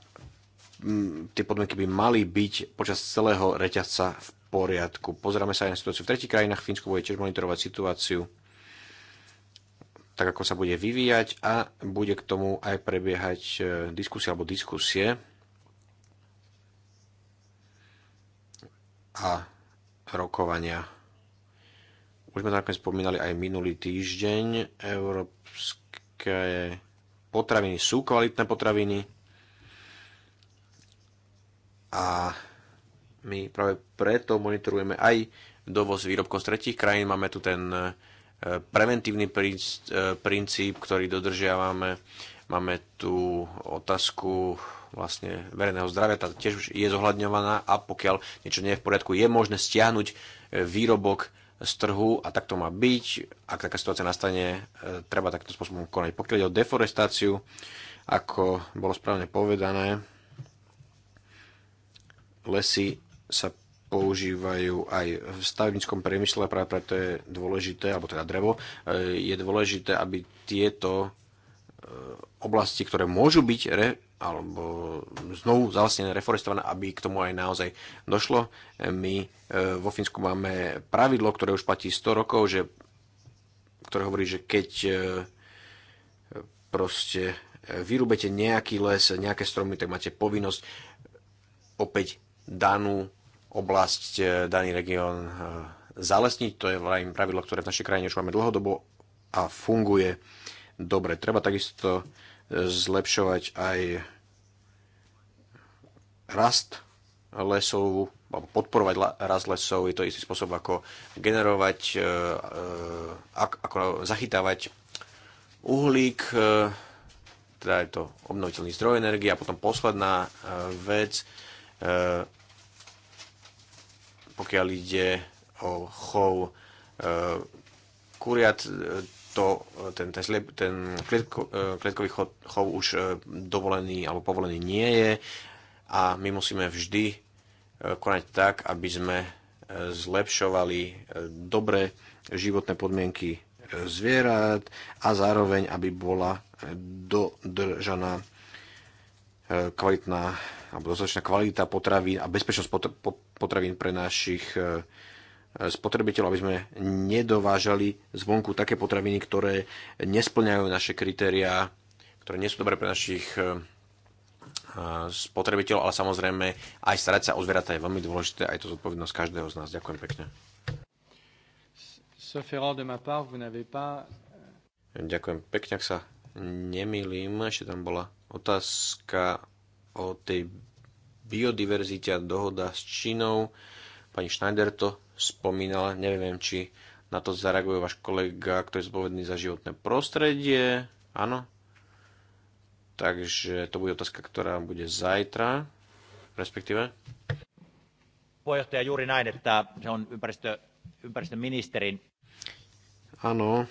tie podmienky by mali byť počas celého reťazca v poriadku. Pozeráme sa aj na situáciu v tretich krajinách. Fínsko bude tiež monitorovať situáciu tak, ako sa bude vyvíjať a bude k tomu aj prebiehať e, diskusia alebo diskusie. a rokovania. Už sme nakoniec spomínali aj minulý týždeň. Európske potraviny sú kvalitné potraviny, a my práve preto monitorujeme aj dovoz výrobkov z tretich krajín. Máme tu ten e, preventívny e, princíp, ktorý dodržiavame. Máme tu otázku vlastne verejného zdravia, tá tiež už je zohľadňovaná a pokiaľ niečo nie je v poriadku, je možné stiahnuť e, výrobok z trhu a tak to má byť. Ak taká situácia nastane, treba takto spôsobom konať. Pokiaľ ide o deforestáciu, ako bolo správne povedané, lesy sa používajú aj v stavebníckom priemysle, práve preto je dôležité, alebo teda drevo, e, je dôležité, aby tieto e, oblasti, ktoré môžu byť re, alebo znovu zalesnené, reforestované, aby k tomu aj naozaj došlo. E, my vo Fínsku máme pravidlo, ktoré už platí 100 rokov, že, ktoré hovorí, že keď proste vyrúbete nejaký les, nejaké stromy, tak máte povinnosť opäť danú oblasť, e, daný región e, zalesniť. To je vrajím pravidlo, ktoré v našej krajine už máme dlhodobo a funguje dobre. Treba takisto e, zlepšovať aj rast lesov, alebo podporovať rast lesov. Je to istý spôsob, ako generovať, ako zachytávať uhlík, teda je to obnoviteľný zdroj energie. A potom posledná vec, E, pokiaľ ide o chov e, kuriat, e, to, ten, ten, ten klietko, klietkový chov, chov už dovolený alebo povolený nie je a my musíme vždy konať tak, aby sme zlepšovali dobré životné podmienky zvierat a zároveň, aby bola dodržaná kvalitná alebo dostatočná kvalita potravín a bezpečnosť potravín pre našich e, spotrebiteľov, aby sme nedovážali zvonku také potraviny, ktoré nesplňajú naše kritériá, ktoré nie sú dobré pre našich e, e, spotrebiteľov, ale samozrejme aj starať sa o zvieratá je veľmi dôležité, aj to zodpovednosť každého z nás. Ďakujem pekne. Euh, Ďakujem pekne, ak sa nemýlim, ešte tam bola otázka o tej biodiverzite a dohoda s Čínou. Pani Schneider to spomínala, neviem, či na to zareaguje váš kolega, ktorý je zodpovedný za životné prostredie. Áno. Takže to bude otázka, ktorá bude zajtra, respektíve. Puheenjohtaja juuri näin, että se on ympäristö, ympäristöministerin. Áno,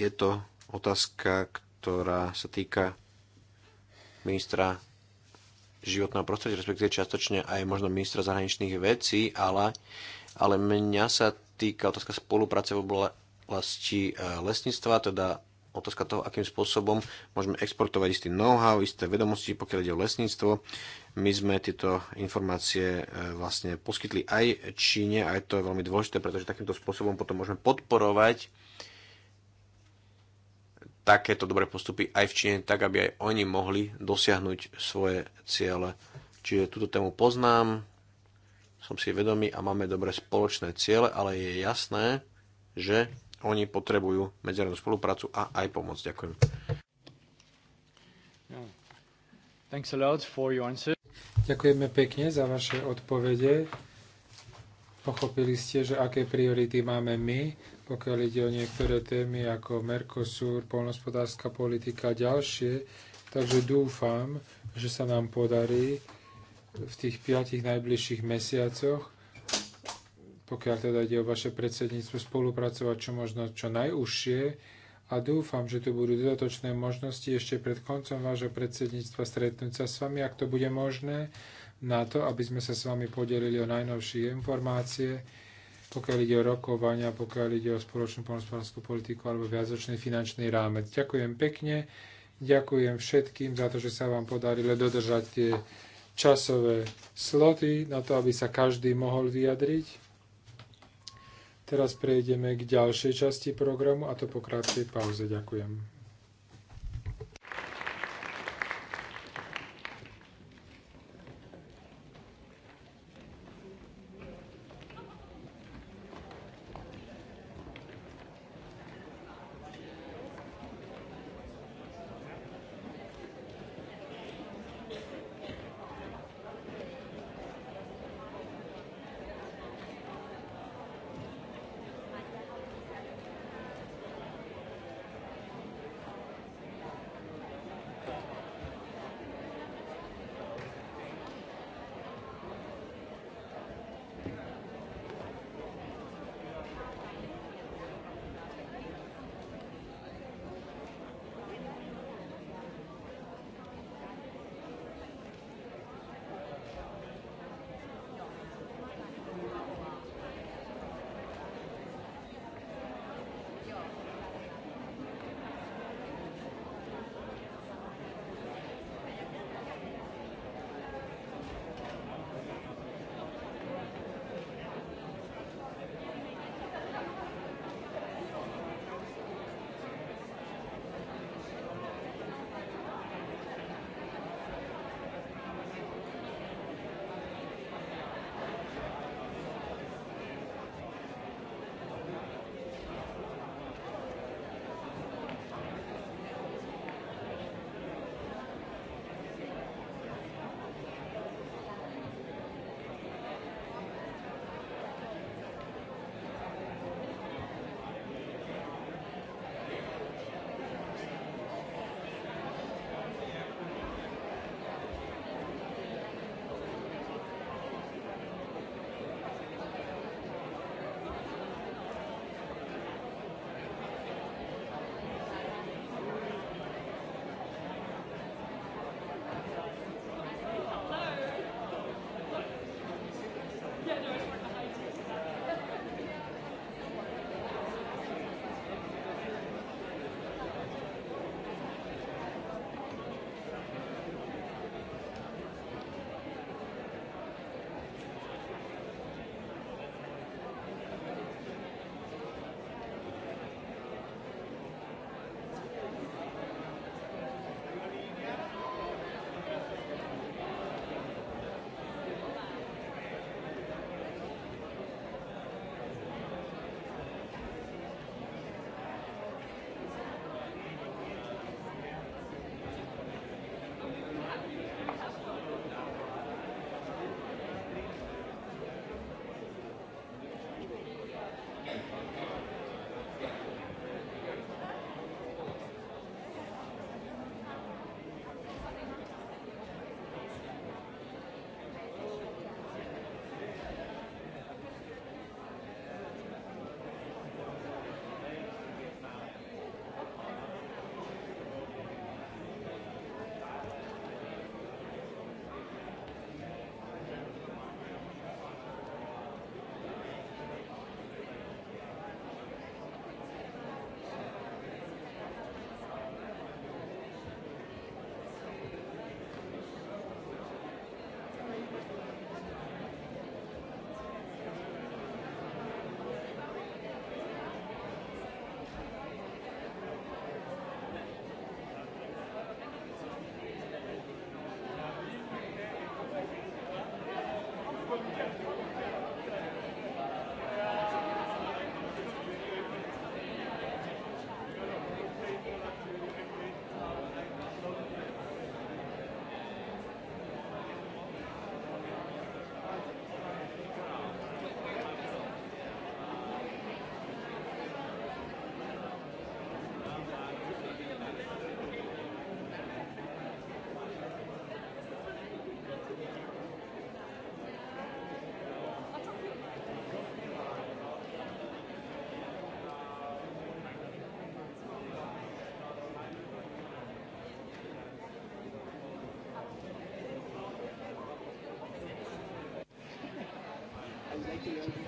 je to otázka, ktorá sa týka ministra životného prostredia, respektíve čiastočne aj možno ministra zahraničných vecí, ale, ale mňa sa týka otázka spolupráce v oblasti e, lesníctva, teda otázka toho, akým spôsobom môžeme exportovať istý know-how, isté vedomosti, pokiaľ ide o lesníctvo. My sme tieto informácie e, vlastne poskytli aj Číne a je to veľmi dôležité, pretože takýmto spôsobom potom môžeme podporovať takéto dobré postupy aj v Číne, tak aby aj oni mohli dosiahnuť svoje ciele. Čiže túto tému poznám, som si vedomý a máme dobré spoločné ciele, ale je jasné, že oni potrebujú medzinárodnú spoluprácu a aj pomoc. Ďakujem. Ďakujeme pekne za vaše odpovede. Pochopili ste, že aké priority máme my pokiaľ ide o niektoré témy ako Mercosur, polnospodárska politika a ďalšie. Takže dúfam, že sa nám podarí v tých piatich najbližších mesiacoch, pokiaľ teda ide o vaše predsedníctvo, spolupracovať čo možno čo najúžšie a dúfam, že tu budú dodatočné možnosti ešte pred koncom vášho predsedníctva stretnúť sa s vami, ak to bude možné, na to, aby sme sa s vami podelili o najnovšie informácie, pokiaľ ide o rokovania, pokiaľ ide o spoločnú poľnospodárskú politiku alebo viacročný finančný rámec. Ďakujem pekne, ďakujem všetkým za to, že sa vám podarilo dodržať tie časové sloty na to, aby sa každý mohol vyjadriť. Teraz prejdeme k ďalšej časti programu a to po krátkej pauze. Ďakujem.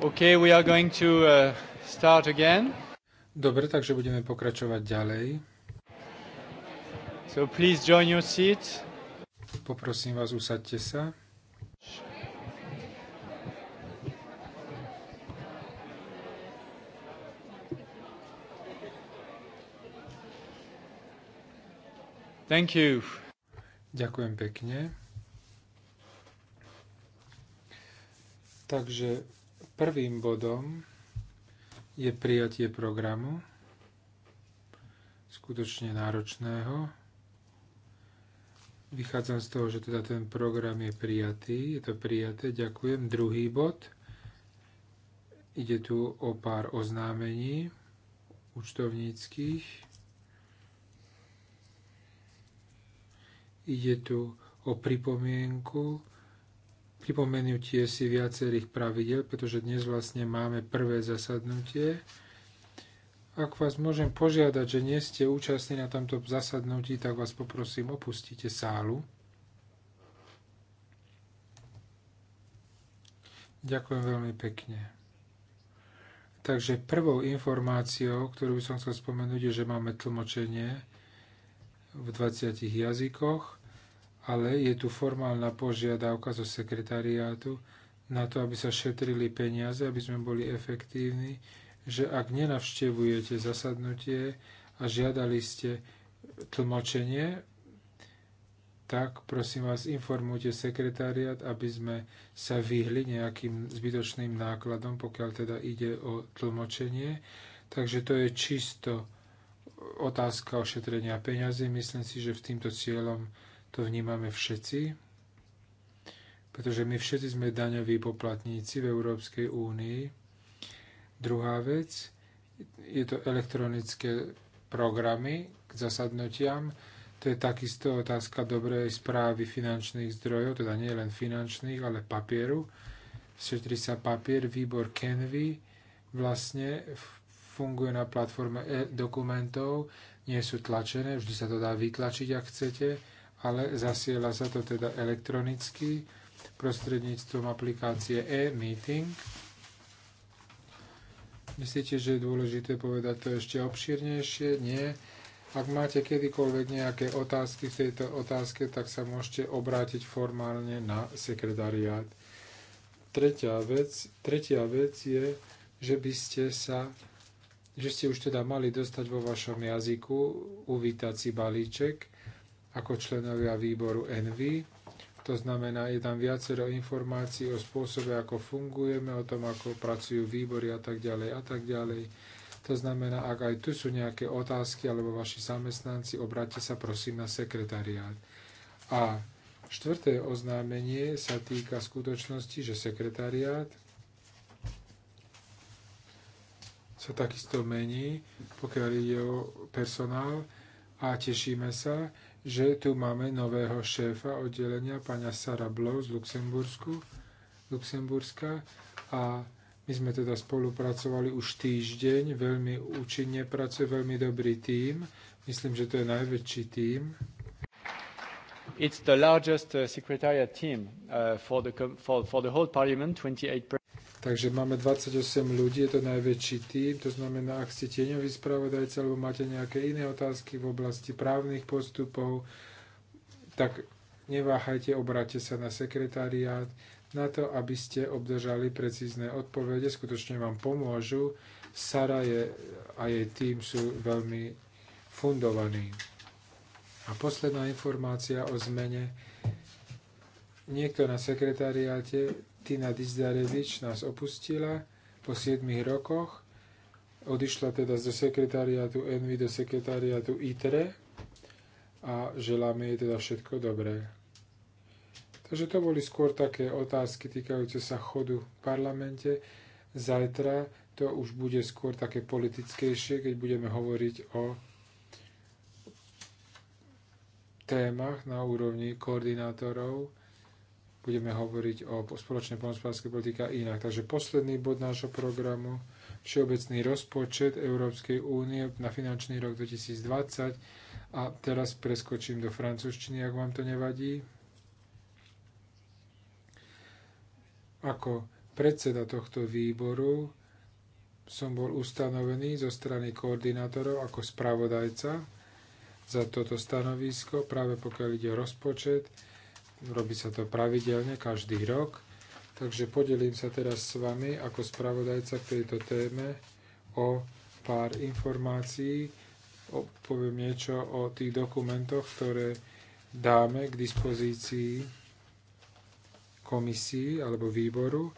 Okay, we are going to uh, start again. Dobre, takže budeme pokračovať ďalej. So please join your seat. Poprosím vás, usaďte sa. Thank you. Ďakujem pekne. Takže prvým bodom je prijatie programu, skutočne náročného. Vychádzam z toho, že teda ten program je prijatý. Je to prijaté, ďakujem. Druhý bod. Ide tu o pár oznámení účtovníckých. Ide tu o pripomienku pripomenutie si viacerých pravidel, pretože dnes vlastne máme prvé zasadnutie. Ak vás môžem požiadať, že nie ste účastní na tomto zasadnutí, tak vás poprosím, opustite sálu. Ďakujem veľmi pekne. Takže prvou informáciou, ktorú by som chcel spomenúť, je, že máme tlmočenie v 20 jazykoch ale je tu formálna požiadavka zo sekretariátu na to, aby sa šetrili peniaze, aby sme boli efektívni, že ak nenavštevujete zasadnutie a žiadali ste tlmočenie, tak prosím vás informujte sekretariat, aby sme sa vyhli nejakým zbytočným nákladom, pokiaľ teda ide o tlmočenie. Takže to je čisto otázka ošetrenia peňazí. Myslím si, že v týmto cieľom to vnímame všetci, pretože my všetci sme daňoví poplatníci v Európskej únii. Druhá vec, je to elektronické programy k zasadnutiam. To je takisto otázka dobrej správy finančných zdrojov, teda nie len finančných, ale papieru. Šetrí sa papier, výbor Canvy vlastne funguje na platforme e dokumentov, nie sú tlačené, vždy sa to dá vytlačiť, ak chcete ale zasiela sa to teda elektronicky prostredníctvom aplikácie e-meeting. Myslíte, že je dôležité povedať to ešte obšírnejšie? Nie. Ak máte kedykoľvek nejaké otázky v tejto otázke, tak sa môžete obrátiť formálne na sekretariát. Tretia vec, tretia vec je, že by ste sa že ste už teda mali dostať vo vašom jazyku uvítací balíček, ako členovia výboru NV. To znamená, je tam viacero informácií o spôsobe, ako fungujeme, o tom, ako pracujú výbory a tak ďalej a tak ďalej. To znamená, ak aj tu sú nejaké otázky alebo vaši zamestnanci, obráťte sa prosím na sekretariát. A štvrté oznámenie sa týka skutočnosti, že sekretariát sa takisto mení, pokiaľ ide o personál a tešíme sa, že tu máme nového šéfa oddelenia, pána Sara Blow z Luxembursku, Luxemburska a my sme teda spolupracovali už týždeň, veľmi účinne pracuje, veľmi dobrý tím. Myslím, že to je najväčší tím. It's the largest uh, secretariat team uh, for, the, for, for the whole parliament, 28 Takže máme 28 ľudí, je to najväčší tým, to znamená, ak ste tieňový spravodajca alebo máte nejaké iné otázky v oblasti právnych postupov, tak neváhajte, obráte sa na sekretariát na to, aby ste obdržali precízne odpovede. Skutočne vám pomôžu. Sara je, a jej tým sú veľmi fundovaní. A posledná informácia o zmene. Niekto na sekretariáte Tina Dizdarevič nás opustila po 7 rokoch. Odišla teda zo sekretariátu Envy do sekretariátu ITRE a želáme jej teda všetko dobré. Takže to boli skôr také otázky týkajúce sa chodu v parlamente. Zajtra to už bude skôr také politickejšie, keď budeme hovoriť o témach na úrovni koordinátorov budeme hovoriť o spoločnej poľnospodárskej politike inak. Takže posledný bod nášho programu, všeobecný rozpočet Európskej únie na finančný rok 2020. A teraz preskočím do francúzštiny, ak vám to nevadí. Ako predseda tohto výboru som bol ustanovený zo strany koordinátorov ako spravodajca za toto stanovisko, práve pokiaľ ide o rozpočet Robí sa to pravidelne každý rok. Takže podelím sa teraz s vami ako spravodajca k tejto téme o pár informácií. O, poviem niečo o tých dokumentoch, ktoré dáme k dispozícii komisii alebo výboru.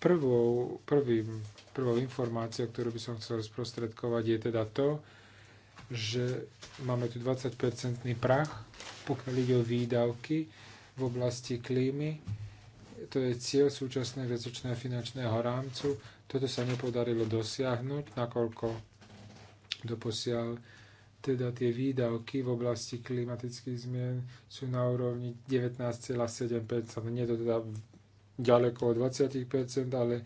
Prvou, prvým, prvou informáciou, ktorú by som chcel sprostredkovať, je teda to, že máme tu 20-percentný prach, pokiaľ ide o výdavky v oblasti klímy. To je cieľ súčasného viacočného finančného rámcu. Toto sa nepodarilo dosiahnuť, nakoľko doposiaľ teda tie výdavky v oblasti klimatických zmien sú na úrovni 19,7%. Nie to teda ďaleko od 20%, ale e,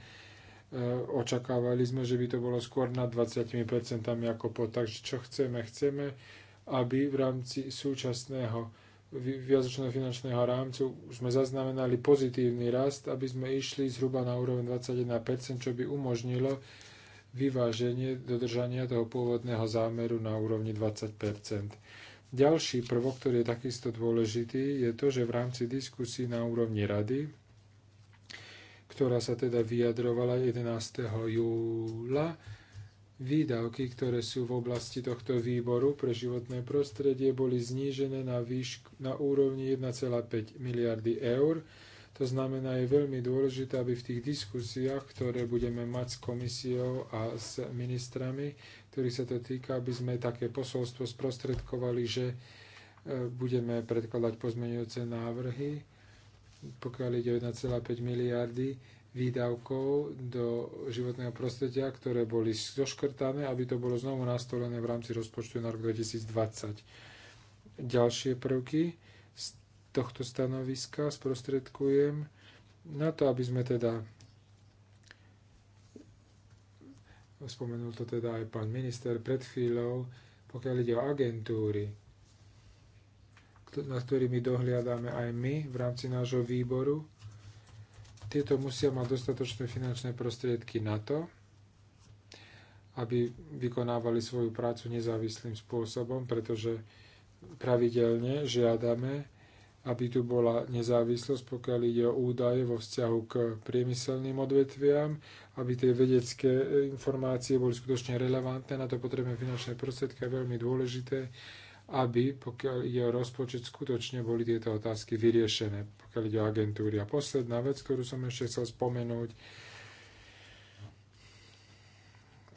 očakávali sme, že by to bolo skôr nad 20% ako po. Takže čo chceme? Chceme, aby v rámci súčasného viazočného finančného rámcu už sme zaznamenali pozitívny rast, aby sme išli zhruba na úroveň 21%, čo by umožnilo vyváženie dodržania toho pôvodného zámeru na úrovni 20 Ďalší prvok, ktorý je takisto dôležitý, je to, že v rámci diskusí na úrovni rady, ktorá sa teda vyjadrovala 11. júla, Výdavky, ktoré sú v oblasti tohto výboru pre životné prostredie, boli znížené na, výšku, na úrovni 1,5 miliardy eur. To znamená, je veľmi dôležité, aby v tých diskusiách, ktoré budeme mať s komisiou a s ministrami, ktorých sa to týka, aby sme také posolstvo sprostredkovali, že e, budeme predkladať pozmeňujúce návrhy, pokiaľ ide o 1,5 miliardy, výdavkov do životného prostredia, ktoré boli zoškrtané, aby to bolo znovu nastolené v rámci rozpočtu na rok 2020. Ďalšie prvky z tohto stanoviska sprostredkujem na to, aby sme teda spomenul to teda aj pán minister pred chvíľou, pokiaľ ide o agentúry, nad ktorými dohliadáme aj my v rámci nášho výboru, tieto musia mať dostatočné finančné prostriedky na to, aby vykonávali svoju prácu nezávislým spôsobom, pretože pravidelne žiadame, aby tu bola nezávislosť, pokiaľ ide o údaje vo vzťahu k priemyselným odvetviam, aby tie vedecké informácie boli skutočne relevantné, na to potrebujeme finančné prostriedky, je veľmi dôležité, aby, pokiaľ ide o rozpočet, skutočne boli tieto otázky vyriešené, pokiaľ ide o agentúry. A posledná vec, ktorú som ešte chcel spomenúť,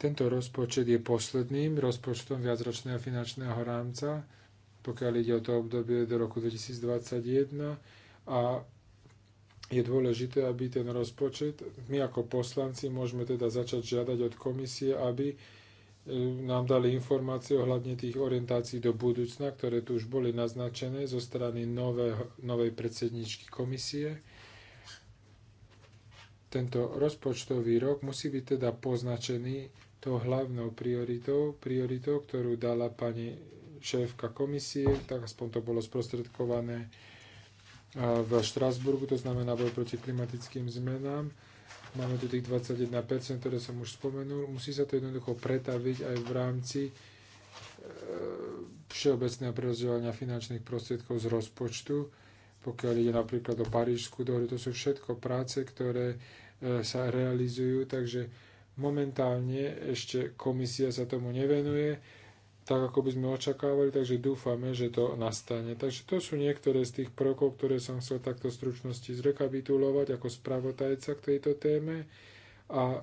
tento rozpočet je posledným rozpočtom viacročného finančného rámca, pokiaľ ide o to obdobie do roku 2021 a je dôležité, aby ten rozpočet, my ako poslanci môžeme teda začať žiadať od komisie, aby E, nám dali informácie ohľadne tých orientácií do budúcna, ktoré tu už boli naznačené zo strany nového, novej predsedničky komisie. Tento rozpočtový rok musí byť teda poznačený tou hlavnou prioritou, prioritou, ktorú dala pani šéfka komisie, tak aspoň to bolo sprostredkované v Štrasburgu, to znamená boj proti klimatickým zmenám Máme tu tých 21%, ktoré som už spomenul. Musí sa to jednoducho pretaviť aj v rámci e, všeobecného prerozdeľovania finančných prostriedkov z rozpočtu, pokiaľ ide napríklad o Parížskú dohodu. To sú všetko práce, ktoré e, sa realizujú, takže momentálne ešte komisia sa tomu nevenuje tak, ako by sme očakávali, takže dúfame, že to nastane. Takže to sú niektoré z tých prvkov, ktoré som chcel takto v stručnosti zrekapitulovať ako spravodajca k tejto téme. A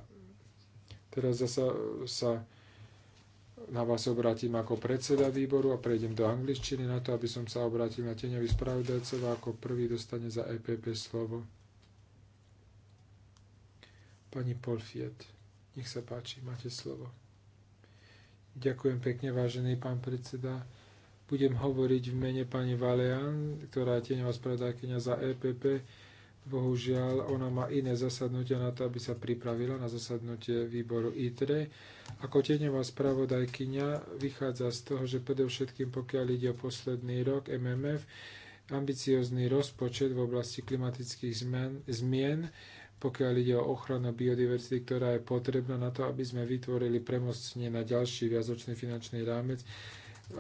teraz zase sa na vás obrátim ako predseda výboru a prejdem do angličtiny na to, aby som sa obrátil na teňový spravodajcova a ako prvý dostane za EPP slovo. Pani Polfiet, nech sa páči, máte slovo. Ďakujem pekne, vážený pán predseda. Budem hovoriť v mene pani Valean, ktorá je tieňová spravodajkynia za EPP. Bohužiaľ, ona má iné zasadnutia na to, aby sa pripravila na zasadnutie výboru ITRE. Ako tieňová spravodajkynia vychádza z toho, že predovšetkým pokiaľ ide o posledný rok MMF, ambiciózny rozpočet v oblasti klimatických zmen, zmien, zmien pokiaľ ide o ochranu biodiverzity, ktorá je potrebná na to, aby sme vytvorili premostenie na ďalší viazočný finančný rámec.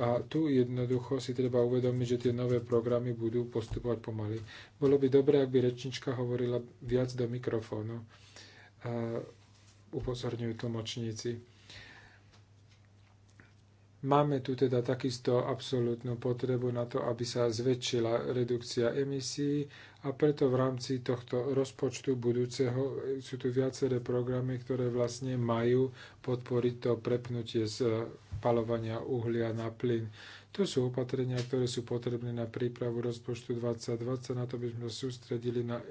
A tu jednoducho si treba uvedomiť, že tie nové programy budú postupovať pomaly. Bolo by dobré, ak by rečnička hovorila viac do mikrofónu. A upozorňujú tlmočníci. Máme tu teda takisto absolútnu potrebu na to, aby sa zväčšila redukcia emisí a preto v rámci tohto rozpočtu budúceho sú tu viaceré programy, ktoré vlastne majú podporiť to prepnutie z e, palovania uhlia na plyn. To sú opatrenia, ktoré sú potrebné na prípravu rozpočtu 2020. Na to by sme sústredili na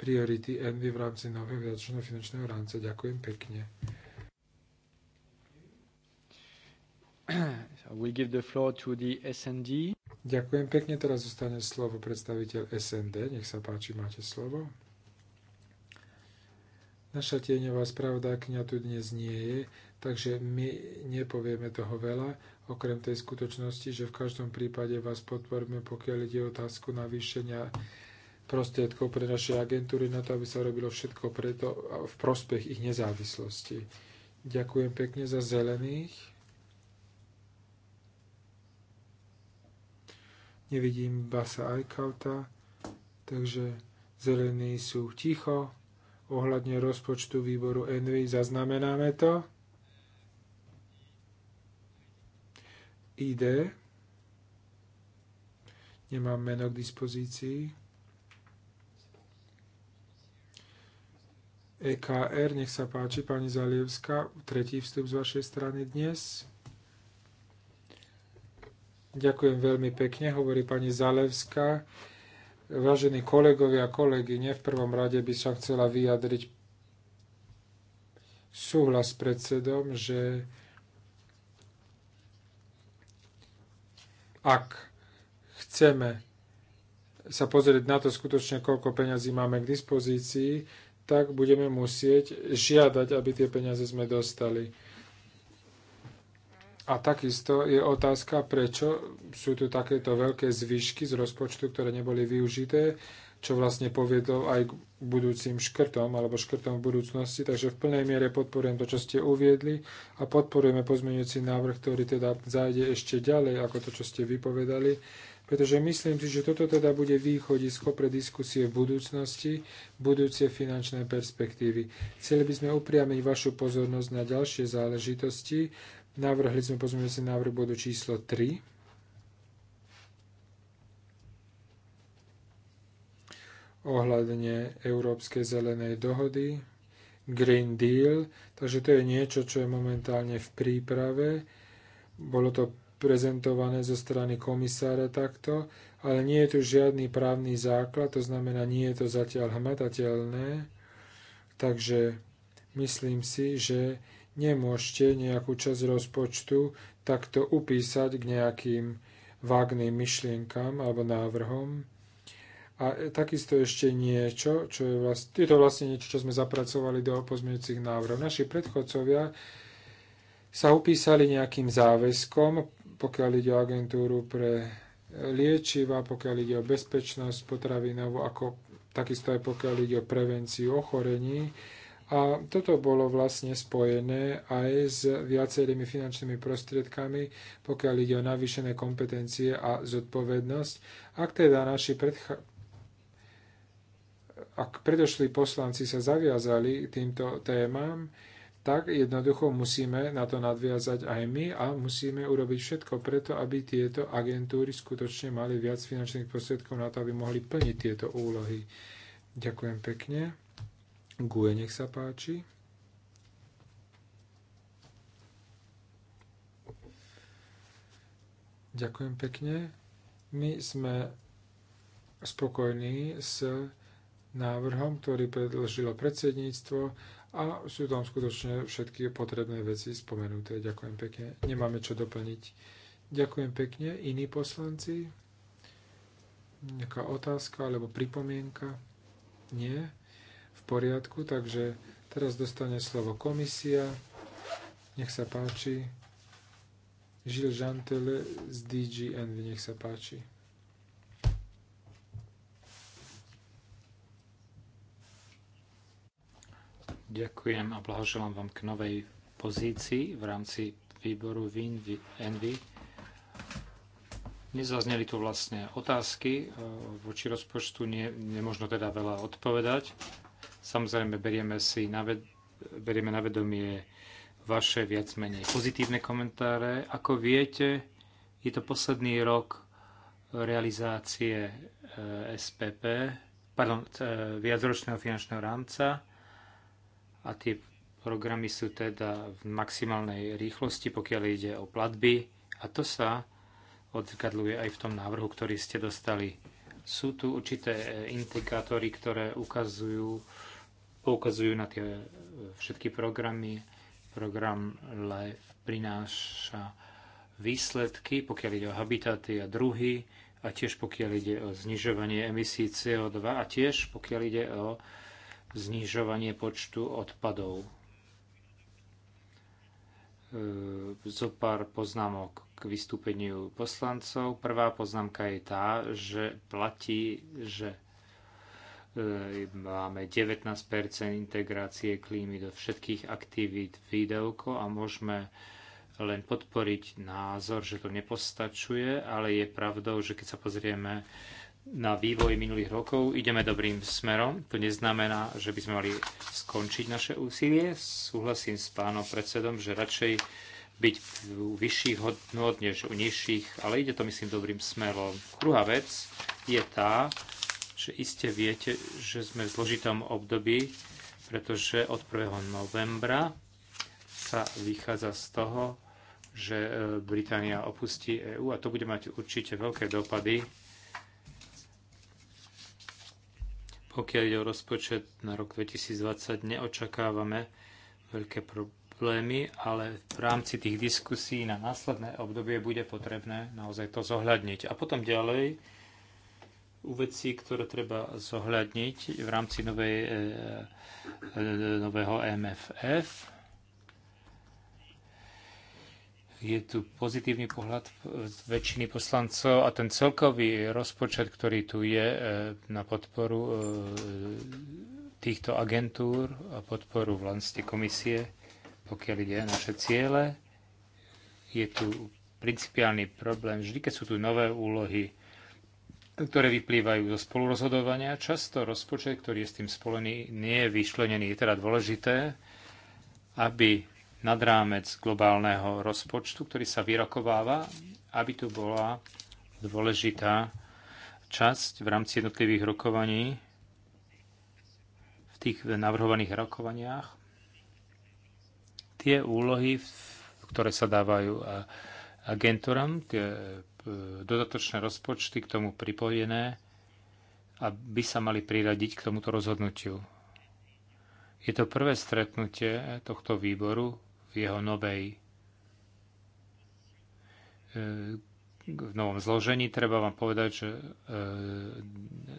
priority ENVY v rámci nového finančného rámca. Ďakujem pekne. Ďakujem pekne, teraz zostane slovo predstaviteľ SND. Nech sa páči, máte slovo. Naša tieňová kňa tu dnes nie je, takže my nepovieme toho veľa, okrem tej skutočnosti, že v každom prípade vás podporíme, pokiaľ ide otázku navýšenia prostriedkov pre naše agentúry na to, aby sa robilo všetko preto v prospech ich nezávislosti. Ďakujem pekne za zelených. Nevidím Basa Aikauta, takže zelení sú ticho. Ohľadne rozpočtu výboru Envy zaznamenáme to. ID. Nemám meno k dispozícii. EKR, nech sa páči, pani Zalievská, tretí vstup z vašej strany dnes. Ďakujem veľmi pekne, hovorí pani Zalevská. Vážení kolegovia a kolegyne, v prvom rade by som chcela vyjadriť súhlas s predsedom, že ak chceme sa pozrieť na to skutočne, koľko peňazí máme k dispozícii, tak budeme musieť žiadať, aby tie peniaze sme dostali. A takisto je otázka, prečo sú tu takéto veľké zvyšky z rozpočtu, ktoré neboli využité, čo vlastne poviedlo aj k budúcim škrtom alebo škrtom v budúcnosti. Takže v plnej miere podporujem to, čo ste uviedli a podporujeme pozmeňujúci návrh, ktorý teda zájde ešte ďalej ako to, čo ste vypovedali, pretože myslím si, že toto teda bude východisko pre diskusie v budúcnosti, budúcie finančné perspektívy. Chceli by sme upriamiť vašu pozornosť na ďalšie záležitosti, Navrhli sme si návrh bodu číslo 3. ohľadne Európskej zelenej dohody, Green Deal, takže to je niečo, čo je momentálne v príprave. Bolo to prezentované zo strany komisára takto, ale nie je tu žiadny právny základ, to znamená, nie je to zatiaľ hmatateľné, takže myslím si, že nemôžete nejakú časť rozpočtu takto upísať k nejakým vágným myšlienkam alebo návrhom. A takisto ešte niečo, čo je, vlastne, je to vlastne niečo, čo sme zapracovali do pozmeňujúcich návrhov. Naši predchodcovia sa upísali nejakým záväzkom, pokiaľ ide o agentúru pre liečiva, pokiaľ ide o bezpečnosť potravinovú, ako takisto aj pokiaľ ide o prevenciu ochorení. A toto bolo vlastne spojené aj s viacerými finančnými prostriedkami, pokiaľ ide o navýšené kompetencie a zodpovednosť. Ak teda naši predcha- ak predošli poslanci sa zaviazali týmto témam, tak jednoducho musíme na to nadviazať aj my a musíme urobiť všetko preto, aby tieto agentúry skutočne mali viac finančných prostriedkov na to, aby mohli plniť tieto úlohy. Ďakujem pekne. Guje, nech sa páči. Ďakujem pekne. My sme spokojní s návrhom, ktorý predložilo predsedníctvo a sú tam skutočne všetky potrebné veci spomenuté. Ďakujem pekne. Nemáme čo doplniť. Ďakujem pekne. Iní poslanci? Nejaká otázka alebo pripomienka? Nie? poriadku, takže teraz dostane slovo komisia. Nech sa páči. Žil Žantele z DG Envy, nech sa páči. Ďakujem a blahoželám vám k novej pozícii v rámci výboru Envy. Nezazneli tu vlastne otázky, e, voči rozpočtu nie, nemožno teda veľa odpovedať. Samozrejme, berieme si na, ved- berieme na vedomie vaše viac menej pozitívne komentáre. Ako viete, je to posledný rok realizácie e, SPP, pardon, e, viacročného finančného rámca a tie programy sú teda v maximálnej rýchlosti, pokiaľ ide o platby a to sa odzrkadľuje aj v tom návrhu, ktorý ste dostali. Sú tu určité e, indikátory, ktoré ukazujú poukazujú na tie e, všetky programy. Program LIFE prináša výsledky, pokiaľ ide o habitaty a druhy, a tiež pokiaľ ide o znižovanie emisí CO2 a tiež pokiaľ ide o znižovanie počtu odpadov. E, zo pár poznámok k vystúpeniu poslancov. Prvá poznámka je tá, že platí, že E, máme 19 integrácie klímy do všetkých aktivít výdavkov a môžeme len podporiť názor, že to nepostačuje, ale je pravdou, že keď sa pozrieme na vývoj minulých rokov, ideme dobrým smerom. To neznamená, že by sme mali skončiť naše úsilie. Súhlasím s pánom predsedom, že radšej byť u vyšších hodnot než u nižších, ale ide to, myslím, dobrým smerom. Druhá vec je tá, že iste viete, že sme v zložitom období, pretože od 1. novembra sa vychádza z toho, že e, Británia opustí EÚ a to bude mať určite veľké dopady, pokiaľ ide o rozpočet na rok 2020, neočakávame veľké problémy, ale v rámci tých diskusí na následné obdobie bude potrebné naozaj to zohľadniť. A potom ďalej vecí, ktoré treba zohľadniť v rámci novej, e, e, nového MFF. Je tu pozitívny pohľad väčšiny poslancov a ten celkový rozpočet, ktorý tu je e, na podporu týchto agentúr a podporu vlastne komisie, pokiaľ ide naše ciele, je tu principiálny problém. Vždy, keď sú tu nové úlohy, ktoré vyplývajú zo spolurozhodovania. Často rozpočet, ktorý je s tým spolený, nie je vyšlenený. Je teda dôležité, aby nad rámec globálneho rozpočtu, ktorý sa vyrokováva, aby tu bola dôležitá časť v rámci jednotlivých rokovaní, v tých navrhovaných rokovaniach, tie úlohy, ktoré sa dávajú agentúram, tie dodatočné rozpočty k tomu pripojené, aby sa mali priradiť k tomuto rozhodnutiu. Je to prvé stretnutie tohto výboru v jeho novej e, v novom zložení. Treba vám povedať, že e,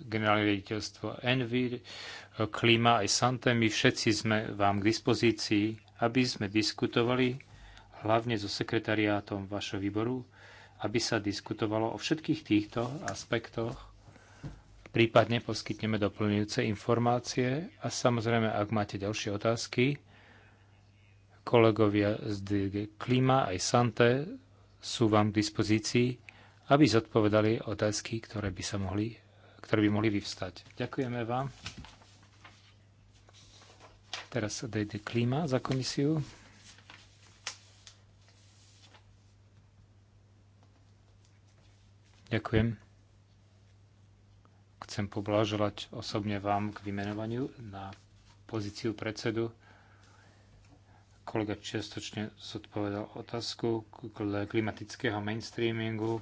generálne riaditeľstvo Envy, e, Klima aj Santé my všetci sme vám k dispozícii, aby sme diskutovali hlavne so sekretariátom vašho výboru aby sa diskutovalo o všetkých týchto aspektoch. Prípadne poskytneme doplňujúce informácie a samozrejme, ak máte ďalšie otázky, kolegovia z DG Klima aj Sante sú vám k dispozícii, aby zodpovedali otázky, ktoré by, sa mohli, ktoré by mohli vyvstať. Ďakujeme vám. Teraz DG Klima za komisiu. Ďakujem. Chcem poblážovať osobne vám k vymenovaniu na pozíciu predsedu. Kolega čiastočne zodpovedal otázku k klimatického mainstreamingu.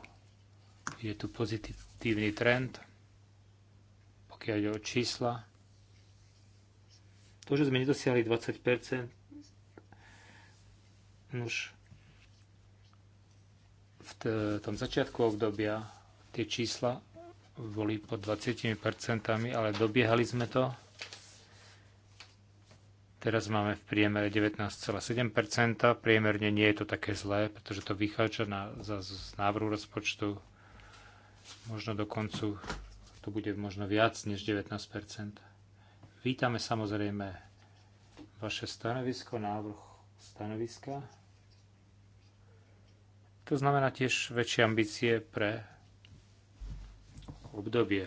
Je tu pozitívny trend, pokiaľ ide o čísla. To, že sme nedosiahli 20%, už v tom začiatku obdobia Tie čísla boli pod 20%, ale dobiehali sme to. Teraz máme v priemere 19,7%. Priemerne nie je to také zlé, pretože to vychádza na, za, z návrhu rozpočtu. Možno do koncu to bude možno viac než 19%. Vítame samozrejme vaše stanovisko, návrh stanoviska. To znamená tiež väčšie ambície pre obdobie.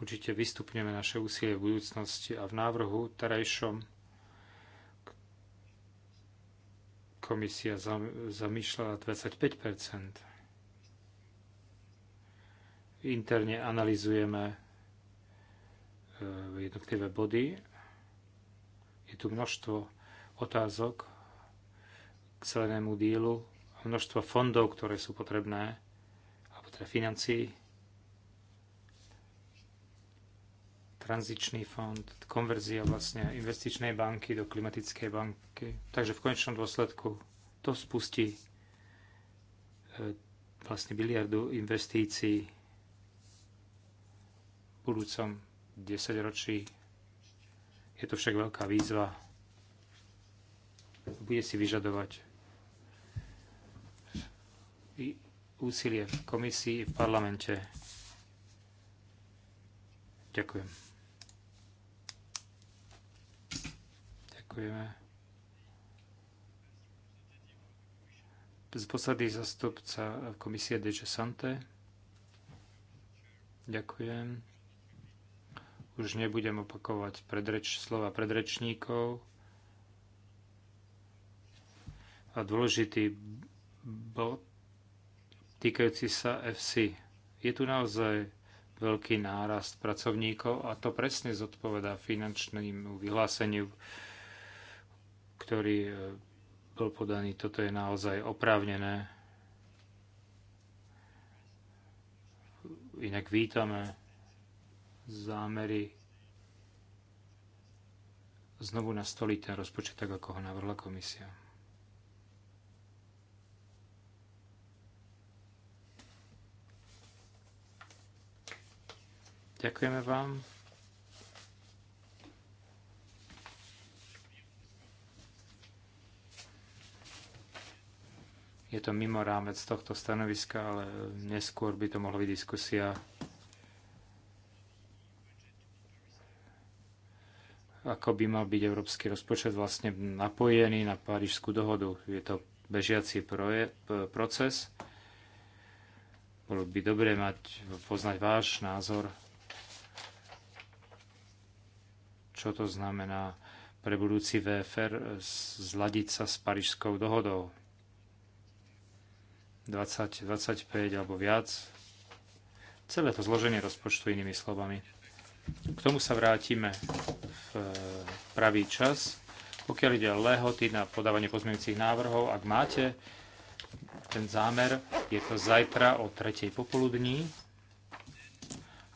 Určite vystupneme naše úsilie v budúcnosti a v návrhu terajšom komisia zamýšľala 25 Interne analizujeme e, jednotlivé body. Je tu množstvo otázok k celenému dílu, množstvo fondov, ktoré sú potrebné teda financí, tranzičný fond, konverzia vlastne investičnej banky do klimatickej banky. Takže v konečnom dôsledku to spustí e, vlastne biliardu investícií v budúcom 10 ročí Je to však veľká výzva. Bude si vyžadovať úsilie v komisii i v parlamente. Ďakujem. Ďakujeme. Posledný zastupca komisie DG Sante. Ďakujem. Už nebudem opakovať predreč, slova predrečníkov. A dôležitý bod týkajúci sa FC. Je tu naozaj veľký nárast pracovníkov a to presne zodpovedá finančnému vyhláseniu, ktorý e, bol podaný. Toto je naozaj oprávnené. Inak vítame zámery znovu nastoliť ten rozpočet tak, ako ho navrhla komisia. Ďakujeme vám. Je to mimo rámec tohto stanoviska, ale neskôr by to mohla byť diskusia ako by mal byť európsky rozpočet vlastne napojený na Parížskú dohodu. Je to bežiaci proje, proces. Bolo by dobre mať, poznať váš názor čo to znamená pre budúci VFR zladiť sa s Parížskou dohodou. 20, 25 alebo viac. Celé to zloženie rozpočtu inými slovami. K tomu sa vrátime v eh, pravý čas. Pokiaľ ide lehoty na podávanie pozmeňujúcich návrhov, ak máte ten zámer, je to zajtra o 3. popoludní.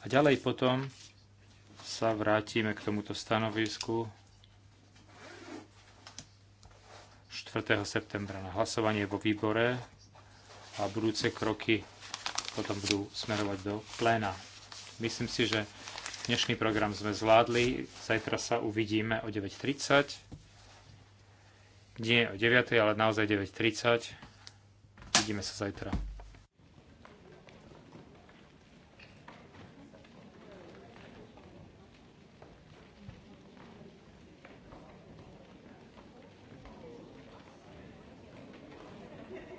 A ďalej potom sa vrátime k tomuto stanovisku 4. septembra na hlasovanie vo výbore a budúce kroky potom budú smerovať do pléna. Myslím si, že dnešný program sme zvládli. Zajtra sa uvidíme o 9.30. Nie o 9.00, ale naozaj 9.30. Vidíme sa zajtra.